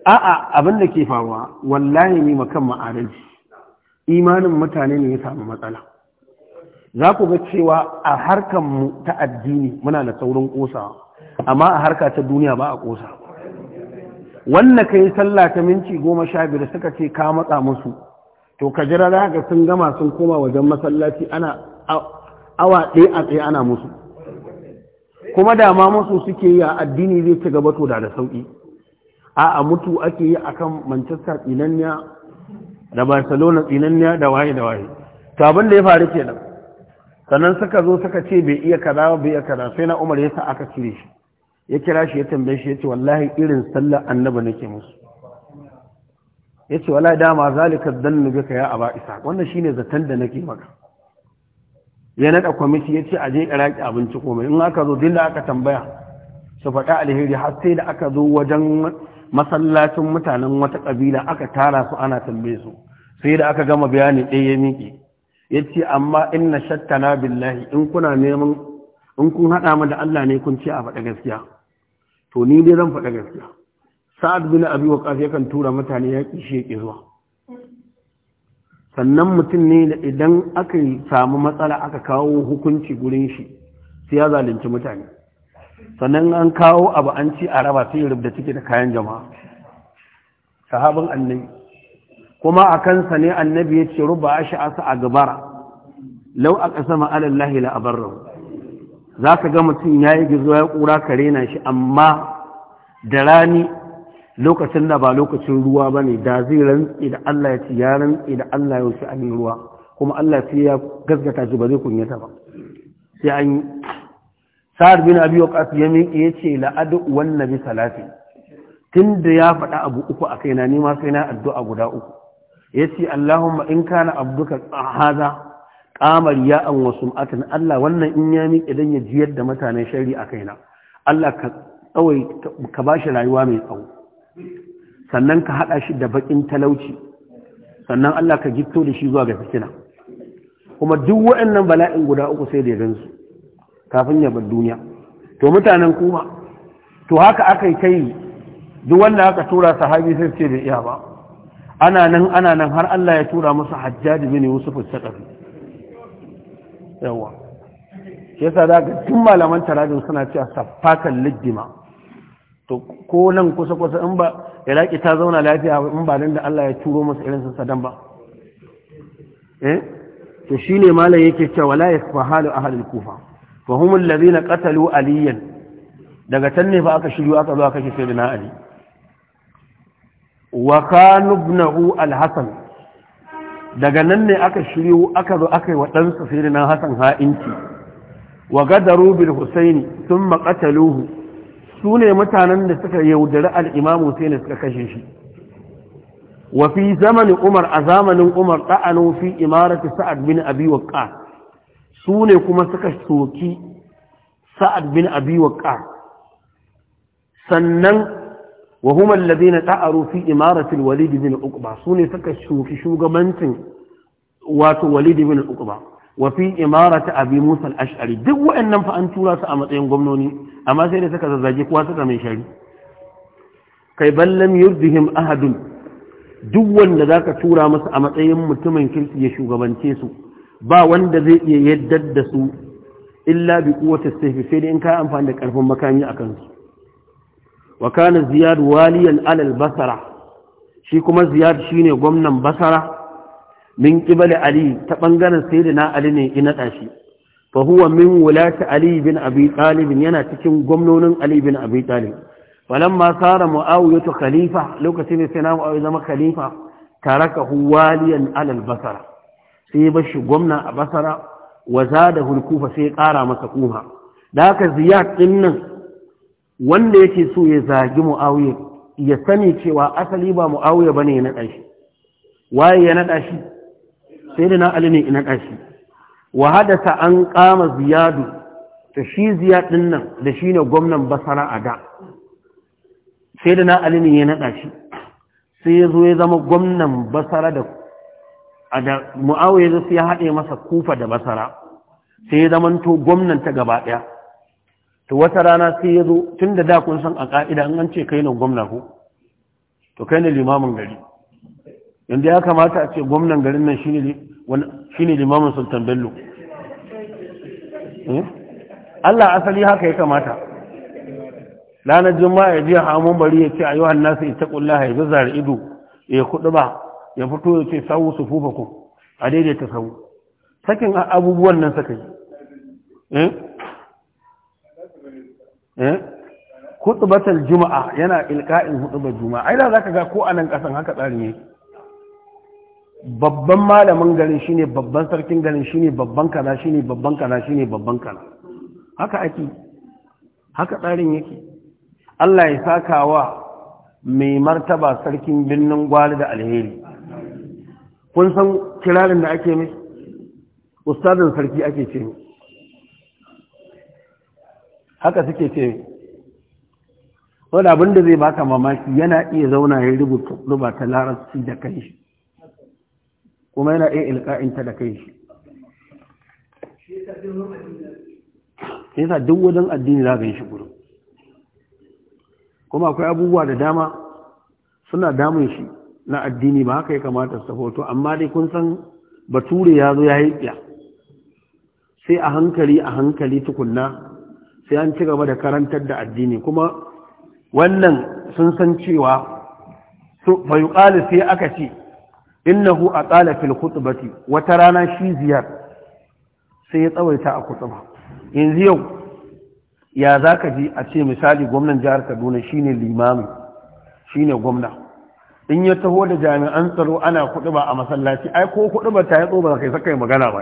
a'a abin da ke faruwa wallahi ne makan ma'adalci imanin mutane ne ya samu matsala za ku ga cewa a harkar mu ta addini muna da saurin ƙosawa, amma a harka ta duniya ba a kosa wannan ka yi sallah ta minti goma sha biyar suka ce ka matsa musu to ka jira za ka sun gama sun koma wajen masallaci ana awa ɗaya a tsaye ana musu kuma da ma musu suke yi a addini zai ci gaba to da da sauki a a mutu ake yi akan Manchester tsinanniya da Barcelona tsinanniya da waye da waye to abin da ya faru ke nan, sannan suka zo suka ce bai iya kaza ba bai iya kaza sai na Umar ya sa aka cire shi ya kira shi ya tambaye shi ya ce wallahi irin sallar annabi nake musu ya ce wallahi dama zalika dannu bika ya aba isa wannan shine zaton da nake maka ya naɗa kwamiti ya ce a je iraki a abinci komai in aka zo dilla aka tambaya su faɗa alheri har sai da aka zo wajen masallacin mutanen wata kabila aka tara su ana tambaye su sai da aka gama bayani ɗaya ya miƙe ya ce amma inna shattana billahi in kuna neman in kun haɗa mu da Allah ne kun ce a faɗa gaskiya to ni dai zan faɗa gaskiya sa'ad bin abi waqas yakan tura mutane ya ƙi shi ya ƙi zuwa sannan mutum ne da idan aka samu matsala aka kawo hukunci gurin shi sai ya zalunci mutane sannan an kawo abu an ci a raba sai rubda ciki da kayan jama'a sahabin annabi kuma a kansa ne annabi ya ce ruba a sha'asa a gabara lau a ƙasa ma'alar lahi la'abarra za ka ga mutum ya yi gizo ya ƙura karena rena shi amma da rani lokacin da ba lokacin ruwa ba ne da zai rantsi da Allah ya ci ya rantsi da Allah ya wuce a ruwa kuma Allah sai ya gazgata shi ba zai kunyata ba sai an yi sa'ad bin abi waqas ya miƙe ya ce la'adu wan nabi salati da ya faɗa abu uku a kaina ni ma sai na addu'a guda uku yace Allahumma in kana abduka haza qamar ya'an wasu sum'atan Allah wannan in ya miƙe dan ya jiyar da mutanen shari a kaina Allah ka tsawai ka bashi rayuwa mai tsawo sannan ka haɗa shi da bakin talauci sannan Allah ka gito da shi zuwa ga fitina kuma duk waɗannan bala'in guda uku sai da gansu kafin ya bar duniya to mutanen kuma to haka aka yi kai duk wanda aka tura sahabi sai ce bai iya ba ana nan ana nan har Allah ya tura musu hajjaji bin Yusuf al-Saqafi yawa shi yasa da ga tun malaman tarajin suna cewa safakan liddima to ko nan kusa-kusa in ba iraki ta zauna lafiya in ba nan da Allah ya turo masu irin su sadan ba eh to shine malam yake cewa la yasfahalu ahlul kufa fa hum alladhina qatalu aliyan daga can ne fa aka shiryo aka zo aka kashe na ali wa kan ibnahu al-hasan daga nan ne aka shiryo aka zo aka yi wa dan sayyidina hasan ha'inci wa gadaru bil husaini thumma qataluhu su ne mutanen da suka yaudari al'imamu sai ne suka kashe shi wa fi zamanin umar a zamanin umar ɗa'anu fi imaratu sa'ad bin abi waqqas su ne kuma suka soki sa'ad bin abi waqqas sannan wa huma alladhina ta'aru fi imarati walid bin uqba su ne suka soki shugabancin wato walid bin uqba wa fi imarati abi musa al-ash'ari duk wa'annan fa an tura su a matsayin gwamnoni amma sai da suka zazzage kuwa suka mai shari kai ballam yurdihim ahadun duk wanda zaka tura masa a matsayin mutumin kirki ya shugabance su ba wanda zai iya yaddar da su illa bi quwwati sayfi sai dai in ka amfani da karfin makami a kansu. wa kana ziyad waliyan alal basara shi kuma ziyad shine gwamnan basara min qibali ali ta bangaren sayyidina ali ne ina tashi fa huwa min wulati ali bin abi talib yana cikin gwamnonin ali bin abi talib falamma sara muawiya khalifa lokacin da sai na muawiya zama khalifa tarakahu waliyan alal basara sai bashi gwamna a basara wa da al-kufa sai ya kara masa kufa da haka ziyad nan wanda yake so ya zagi muawiya ya sani cewa asali ba muawiya bane ya nada shi waye ya nada shi sai da na ali ne ya nada shi wa hadasa an kama ziyadu da shi ziyadin nan da shi ne gwamnan basara a da sai da na alini ya naɗa shi sai ya zo ya zama gwamnan basara da a da zo zai ya haɗe masa kufa da basara sai ya zama to gwamnan ta gaba ɗaya to wata rana sai ya zo tun da da kun san a ƙa'ida an an ce kai ne gwamna ko to kai ne limamin gari yanda ya kamata a ce gwamnan garin nan shi ne shine limamin sultan bello eh? Allah asali haka ya kamata ranar juma'a ya jiya hamun bari ya ce a yawan nasu ita kulla ya zazzara ido ya kudu ba ya fito ya ce sawu su fufa ku a ta sawu sakin abubuwan nan saka yi eh? eh? hutubatar juma'a yana ilka'in hutubar juma'a ai da za ka ga ko a nan kasan haka tsarin yake babban malamin garin shine babban sarkin garin shine babban kana shine babban kana shine babban kana haka ake haka tsarin yake Allah ya saka wa mai martaba sarkin binnin gwari da alheri kun san kirarin da ake mai ustazin sarki ake ce haka suke ce wadda abinda zai baka mamaki yana iya zauna ya rubuta larabci da kai kuma yana iya ilka'inta da kai shi yasa duk wajen addini za a yi shi gurin kuma akwai abubuwa da dama suna damun shi na addini ba haka ya kamata su hoto amma dai kun san bature ya zo ya yi sai a hankali a hankali tukunna sai an ci gaba da karantar da addini kuma wannan sun san cewa so sai aka ce innahu a fil khutbati wata rana shi ziyar sai ya tsawaita a kutuba yanzu yau ya za ka ji a ce misali gwamnan jihar kaduna shine limami shine gwamna in ya taho da jami'an tsaro ana kutuba a masallaci ai ko kutuba ta yi tsoba kai saka magana ba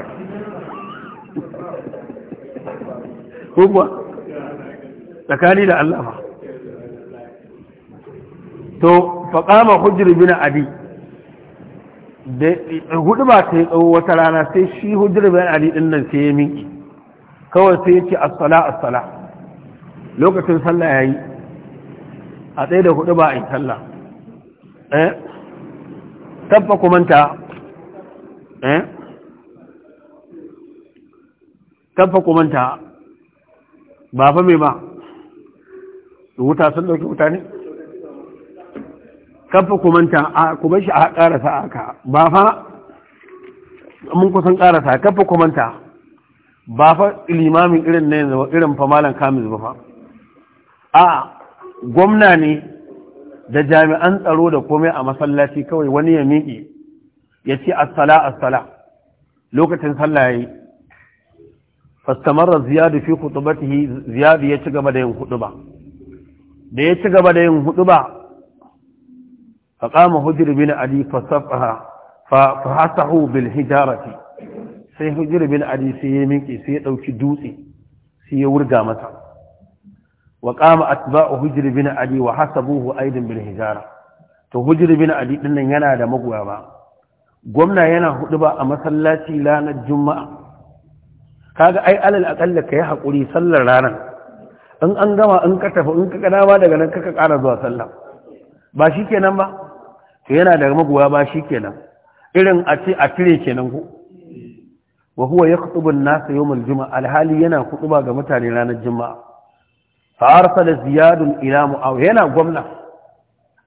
kuma tsakani da Allah ba to faƙama hujjar bin adi hudu ba ta yi tsawo wata rana sai shi hujjar bayan ali din nan sai ya minki kawai sai ya ce assala assala lokacin sallah ya yi a tsaye da hudu ba a yi sallah eh tabba manta eh tabba manta ba fa mai ba wuta sun dauki wuta ne kafa ku manta ku bar shi a karasa aka ba fa mun kusan karasa kafa ku manta ba fa limamin irin na yanzu irin fa malam kamis ba fa a gwamna ne da jami'an tsaro da komai a masallaci kawai wani ya miƙe ya ce assala assala lokacin sallah yayi fastamarra ziyadu fi khutubatihi ziyadu ya ci gaba da yin huduba da ya ci gaba da yin huduba فقام هجر بن علي فصفها فحسه بالحجارة sai hujjar bin adi sai ya minke sai ya ɗauki dutse sai ya wurga mata wa kama atba'u hujjar bin adi wa hasabuhu aidan bil to hujjar bin adi din nan yana da magoya ba gwamna yana huɗu ba a masallaci ranar juma'a kaga ai alal ka yi hakuri sallar ranar in an gama in ka tafi in ka kana ma daga nan kaka ƙara zuwa sallah ba shi shikenan ba to yana da magoya ba shi kenan irin a ce a tire kenan ku wa huwa yaqtubu an-nas yawm al-jum'a al-hali yana kutuba ga mutane ranar juma'a fa arsala ziyad ila muawiya yana gwamna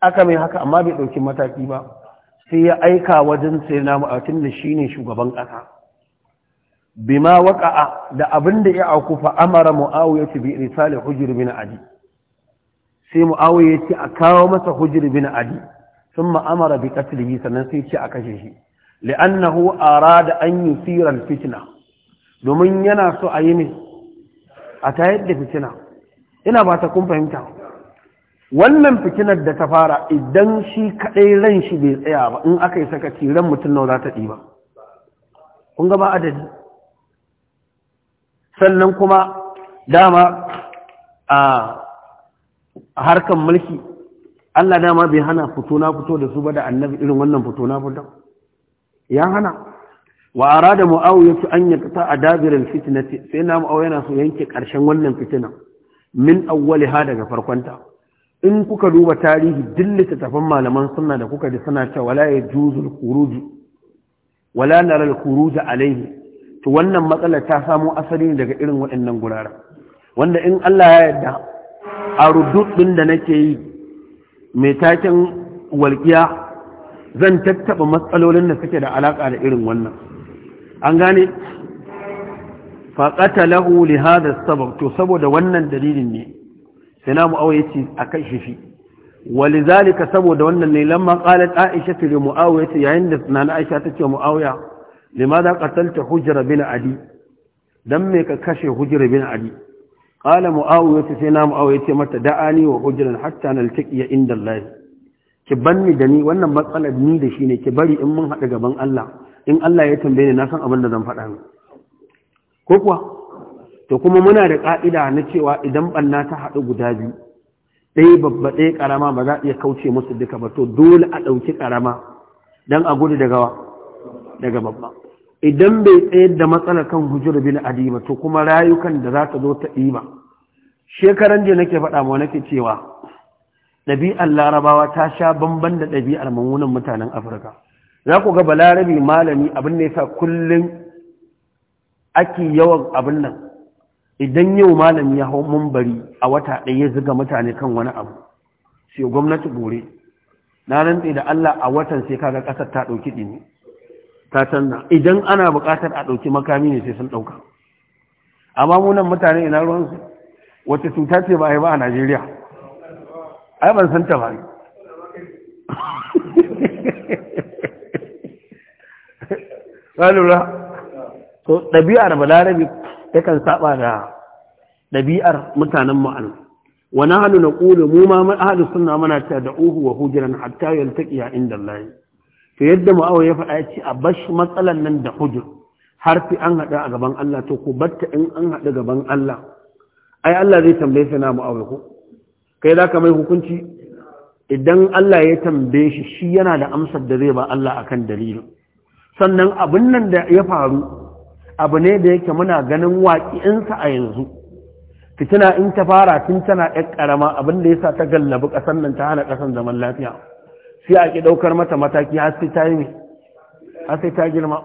aka mai haka amma bai dauki mataki ba sai ya aika wajen na mu'awiya da shine shugaban kasa bima waqa'a da abinda ya auku fa amara muawiya bi irsali hujr bin adi sai muawiya ya ce a kawo masa hujr bin adi sun ma'amara بقتله سننسيك sannan sai أراد a kashe shi لمن ينسو أيني yusira fitna domin yana so a yi a kun fahimta wannan fitinar da ta fara idan shi kaɗai ran shi bai tsaya ba in aka yi sakaci ran mutum nawa za ta ɗiba kun gaba adadi sannan kuma dama a harkar mulki Allah dama bai hana fito na fito da su ba da annabi irin wannan fito na fito ya hana wa arada muawiya su an yaqta adabir alfitnati sai na muawiya yana so yanke karshen wannan fitina min awwaliha daga farkonta in kuka duba tarihi dillita tafan malaman sunna da kuka ji suna cewa wala yajuzul khuruj wala nara al-khuruj alayhi to wannan matsala ta samo asali daga irin waɗannan guraren wanda in Allah ya yarda a rudud din da nake yi mai taken walƙiya zan tattaɓa matsalolin da suke da alaƙa da irin wannan an gane faƙata lahu li hada sabab to saboda wannan dalilin ne sai na mu'awiya ce akan shifi walizalika saboda wannan ne lamma qalat aisha li mu'awiya yayin da nana aisha tace mu'awiya limadha qatalta hujra bin adi dan me ka kashe hujra bin adi qala muawiya sai na muawiya ce mata da'ani wa ujran hatta ya inda lai ki ni da ni wannan matsalar ni da shi ne ki bari in mun haɗa gaban Allah in Allah ya tambaye ni na san abin da zan faɗa ni ko kuwa to kuma muna da ƙa'ida na cewa idan banna ta haɗu guda biyu ɗaya babba ɗaya ƙarama ba za a iya kauce musu duka ba to dole a ɗauki ƙarama don a gudu daga daga babba idan bai tsayar da matsalar kan hujjar bil adi ba to kuma rayukan da za ta zo ta ɗiba shekaran je nake faɗa ma nake cewa ɗabi'ar larabawa ta sha bamban da ɗabi'ar mamunan mutanen afirka za ku ga balarabi malami abin da ya sa kullum ake yawan abin nan idan yau malami ya hau mambari a wata ɗaya zuga mutane kan wani abu sai gwamnati gore na rantse da Allah a watan sai kaga ƙasar ta ɗauki ɗini ta canza idan ana buƙatar a ɗauki makami ne sai sun ɗauka amma munan mutane ina ruwansu wata cuta ce ba a yi ba a najeriya ai ban san ta ba ka lura to ɗabi'ar Balarabi yakan saba da ɗabi'ar mutanen ma'ana wani hannu na kulu mu ma ahalu suna mana ta da uhu wa hujjiran hatta ya inda Allah to yadda mu'awa ya faɗa ce a bash matsalan nan da hujjir har fi an haɗa a gaban Allah to ku batta in an haɗa gaban Allah ai Allah zai tambaye sai na mu'awiya ko kai za ka mai hukunci idan Allah ya tambaye shi shi yana da amsar da zai ba Allah akan dalilin sannan abin nan da ya faru abu ne da yake muna ganin waƙi'insa a yanzu fitina in ta fara tun tana ɗan ƙarama abin da ya sa ta gallabi ƙasar nan ta hana ƙasar zaman lafiya sai a ki ɗaukar mata mataki har sai ta yi har sai ta girma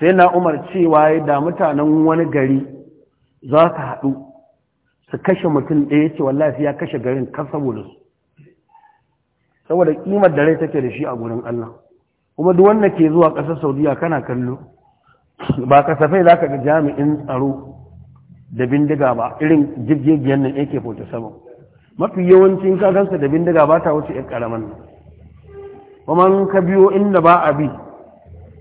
sai na umar cewa ya da mutanen wani gari za ka haɗu su kashe mutum ɗaya ce wallahi ya kashe garin kan saboda su saboda ƙimar da rai take da shi a gurin Allah kuma duk wanda ke zuwa ƙasar Saudiya kana kallo ba kasafai za ka ga jami'in tsaro da bindiga ba irin jirgin nan yake fota sama mafi yawancin kagansa da bindiga ba ta wuce 'yan ƙaramin nan kuma ka biyo inda ba a bi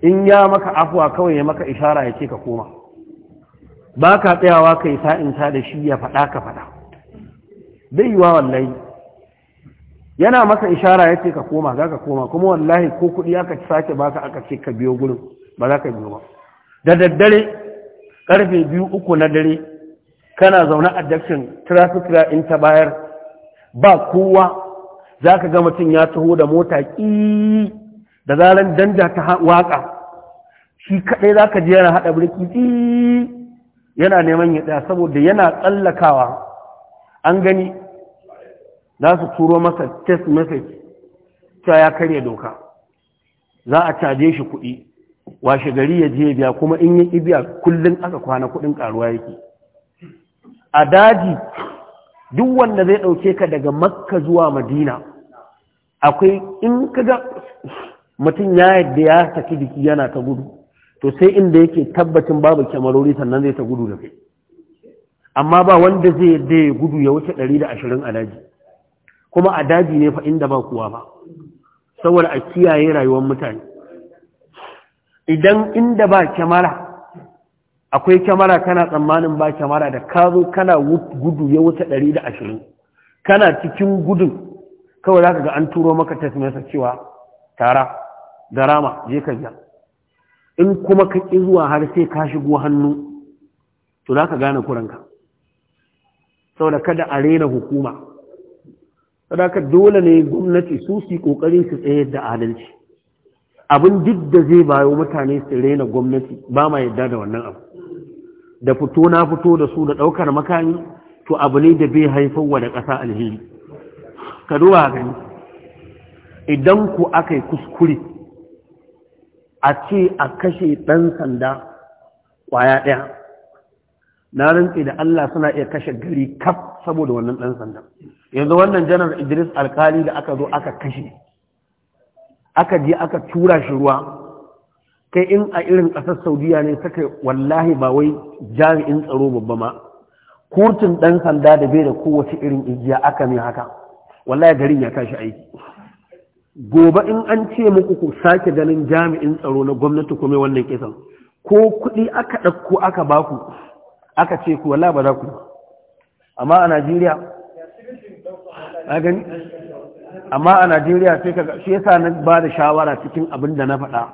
in ya maka afuwa kawai ya maka ishara ya ce ka koma ba ka tsayawa ka yi sa'inta da shi ya faɗa ka faɗa bai yiwa wallahi yana masa ishara ya ce ka koma za ka koma kuma wallahi ko kuɗi aka sake baka aka ce ka biyo gurin ba za ka biyo ba da daddare karfe biyu uku na dare kana zaune a jakshin traffic in ta bayar ba kowa za ka ga mutum ya taho da mota ƙi da zaran danja ta waƙa shi kaɗai za ka je yana haɗa birki ƙi. yana neman ya ɗaya, saboda yana tsallakawa an gani za su turo masa test message cewa ya karya doka za a caje shi kuɗi washe gari ya je biya kuma in yi ibiya kullum aka kwana kuɗin ƙaruwa yake a daji duk wanda zai ɗauke ka daga makka zuwa madina akwai in kaga mutum ya yadda ya saki jiki yana ta gudu to sai inda yake tabbacin babu kyamarori sannan zai ta gudu da kai amma ba wanda zai yadda ya gudu ya wuce 120 a daji kuma a daji ne fa inda ba kuwa ba saboda a kiyaye rayuwar mutane idan inda ba kyamara akwai kyamara kana tsammanin ba kyamara da ka zo kana gudu ya wuce ashirin? kana cikin gudun kawai za ka ga an turo maka tasmesa cewa tara da rama je ka biya in kuma ka ƙi zuwa har sai ka shigo hannu to za ka gane kuranka saboda kada a rena hukuma saboda dole ne gwamnati su su ƙoƙari su tsayar da adalci abin duk da zai bayo mutane su rena gwamnati ba ma yadda da wannan abu da fito na fito da su da ɗaukar makami to abu ne da bai haifar wa da ƙasa alheri ka duba gani idan ku aka yi kuskure a ce a kashe ɗan sanda ƙwaya ɗaya na rantse da Allah suna iya kashe gari kaf saboda wannan ɗan sanda yanzu wannan janar idris alkali da aka zo aka kashe aka je aka tura shi ruwa kai in a irin ƙasar saudiya ne suka wallahi ba wai jami'in tsaro babba ma kurtin ɗan sanda da bai da kowace irin igiya aka mai haka wallahi garin ya tashi aiki gobe in an ce muku ku sake ganin jami'in tsaro na gwamnati kome wannan kisan ko kuɗi aka ɗauko aka ku aka ce ku wala ba za ku amma a Najeriya gani amma a Najeriya sai ka shi yasa na ba da shawara cikin abin da na faɗa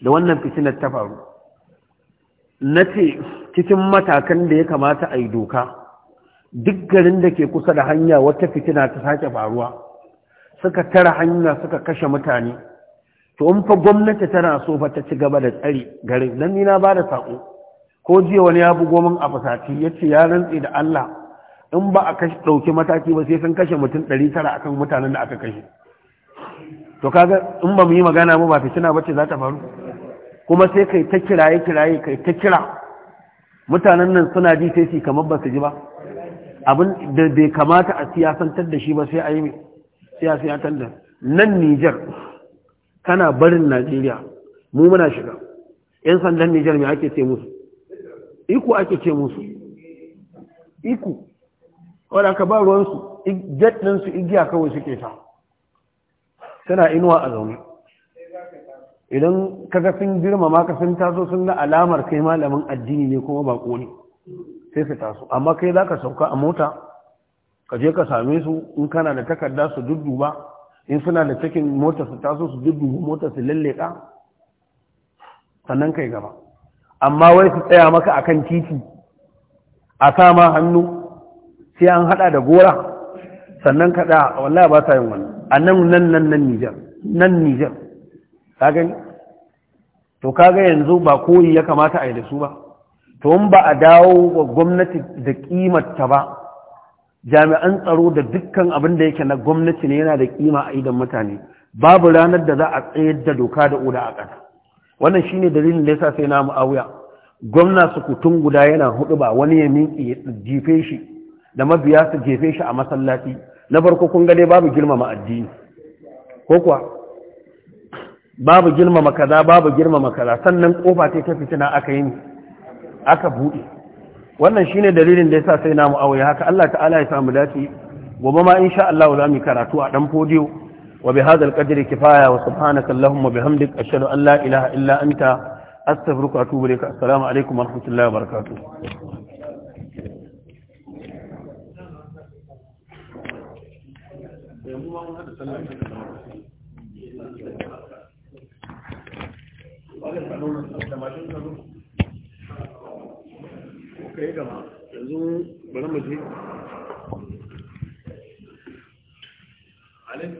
da wannan fitinar ta faru na ce cikin matakan da ya kamata a yi doka duk garin da ke kusa da hanya wata fitina ta sake faruwa suka tara hanya suka kashe mutane to in fa gwamnati tana so fa ta ci gaba da tsari garin dan ni na ba da sako ko jiya wani ya bugo min a fasati ce ya rantse da Allah in ba a kashe dauki mataki ba sai sun kashe mutum a akan mutanen da aka kashe to kaga in ba mu yi magana ba ba fitina bace za ta faru kuma sai kai ta kiraye kiraye kai ta kira mutanen nan suna ji sai su kamar ba su ji ba abin da bai kamata a siyasantar da shi ba sai a yi ya da nan Nijar kana barin Najeriya mu muna shiga ‘yan sandan Nijar mai ake ce musu iku ake ce musu iku wadda ka ba ruwansu jaɗinsu igiya kawai suke ta tana inuwa a zaune idan kaga sun girmama ka sun taso sun ga alamar kai malamin addini ne kuma ba ne sai su taso amma kai za ka sauka a mota ka je ka same su in kana da takarda su dudduba in suna da cikin motar su taso su dudduba motar su lalleka sannan kai gaba amma wai su tsaya maka akan titi a sama hannu sai an hada da gora sannan ka da wallahi ba ta yin wannan a nan nan nan nan Nijar nan Nijar ka gani to kaga yanzu ba koyi ya kamata a yi da su ba to in ba a dawo wa gwamnati da ta ba jami'an tsaro da dukkan abin da yake na gwamnati ne yana da kima a idan mutane babu ranar da za a tsayar da doka da oda a ƙasa wannan shine dalilin da yasa sai na mu'awiya gwamna su kutun guda yana hudu ba wani ya miƙe ya jefe shi da mabiya su jefe shi a masallaci na farko kun gane babu girmama addini ko kuwa babu girmama kaza babu girmama kaza sannan kofa ta fitina aka yi aka buɗe wannan shi ne dalilin da ya sa sai namu aure haka Allah ta'ala ya samu dace gobe ma insha Allah za mu karatu a dan podiyo wa bi hadal qadri kifaya wa subhanaka allahumma bihamdik ashhadu an la ilaha illa anta astaghfiruka wa atubu ilaik assalamu alaikum wa rahmatullahi wa barakatuh yanzu kai gaba yanzu bari mu je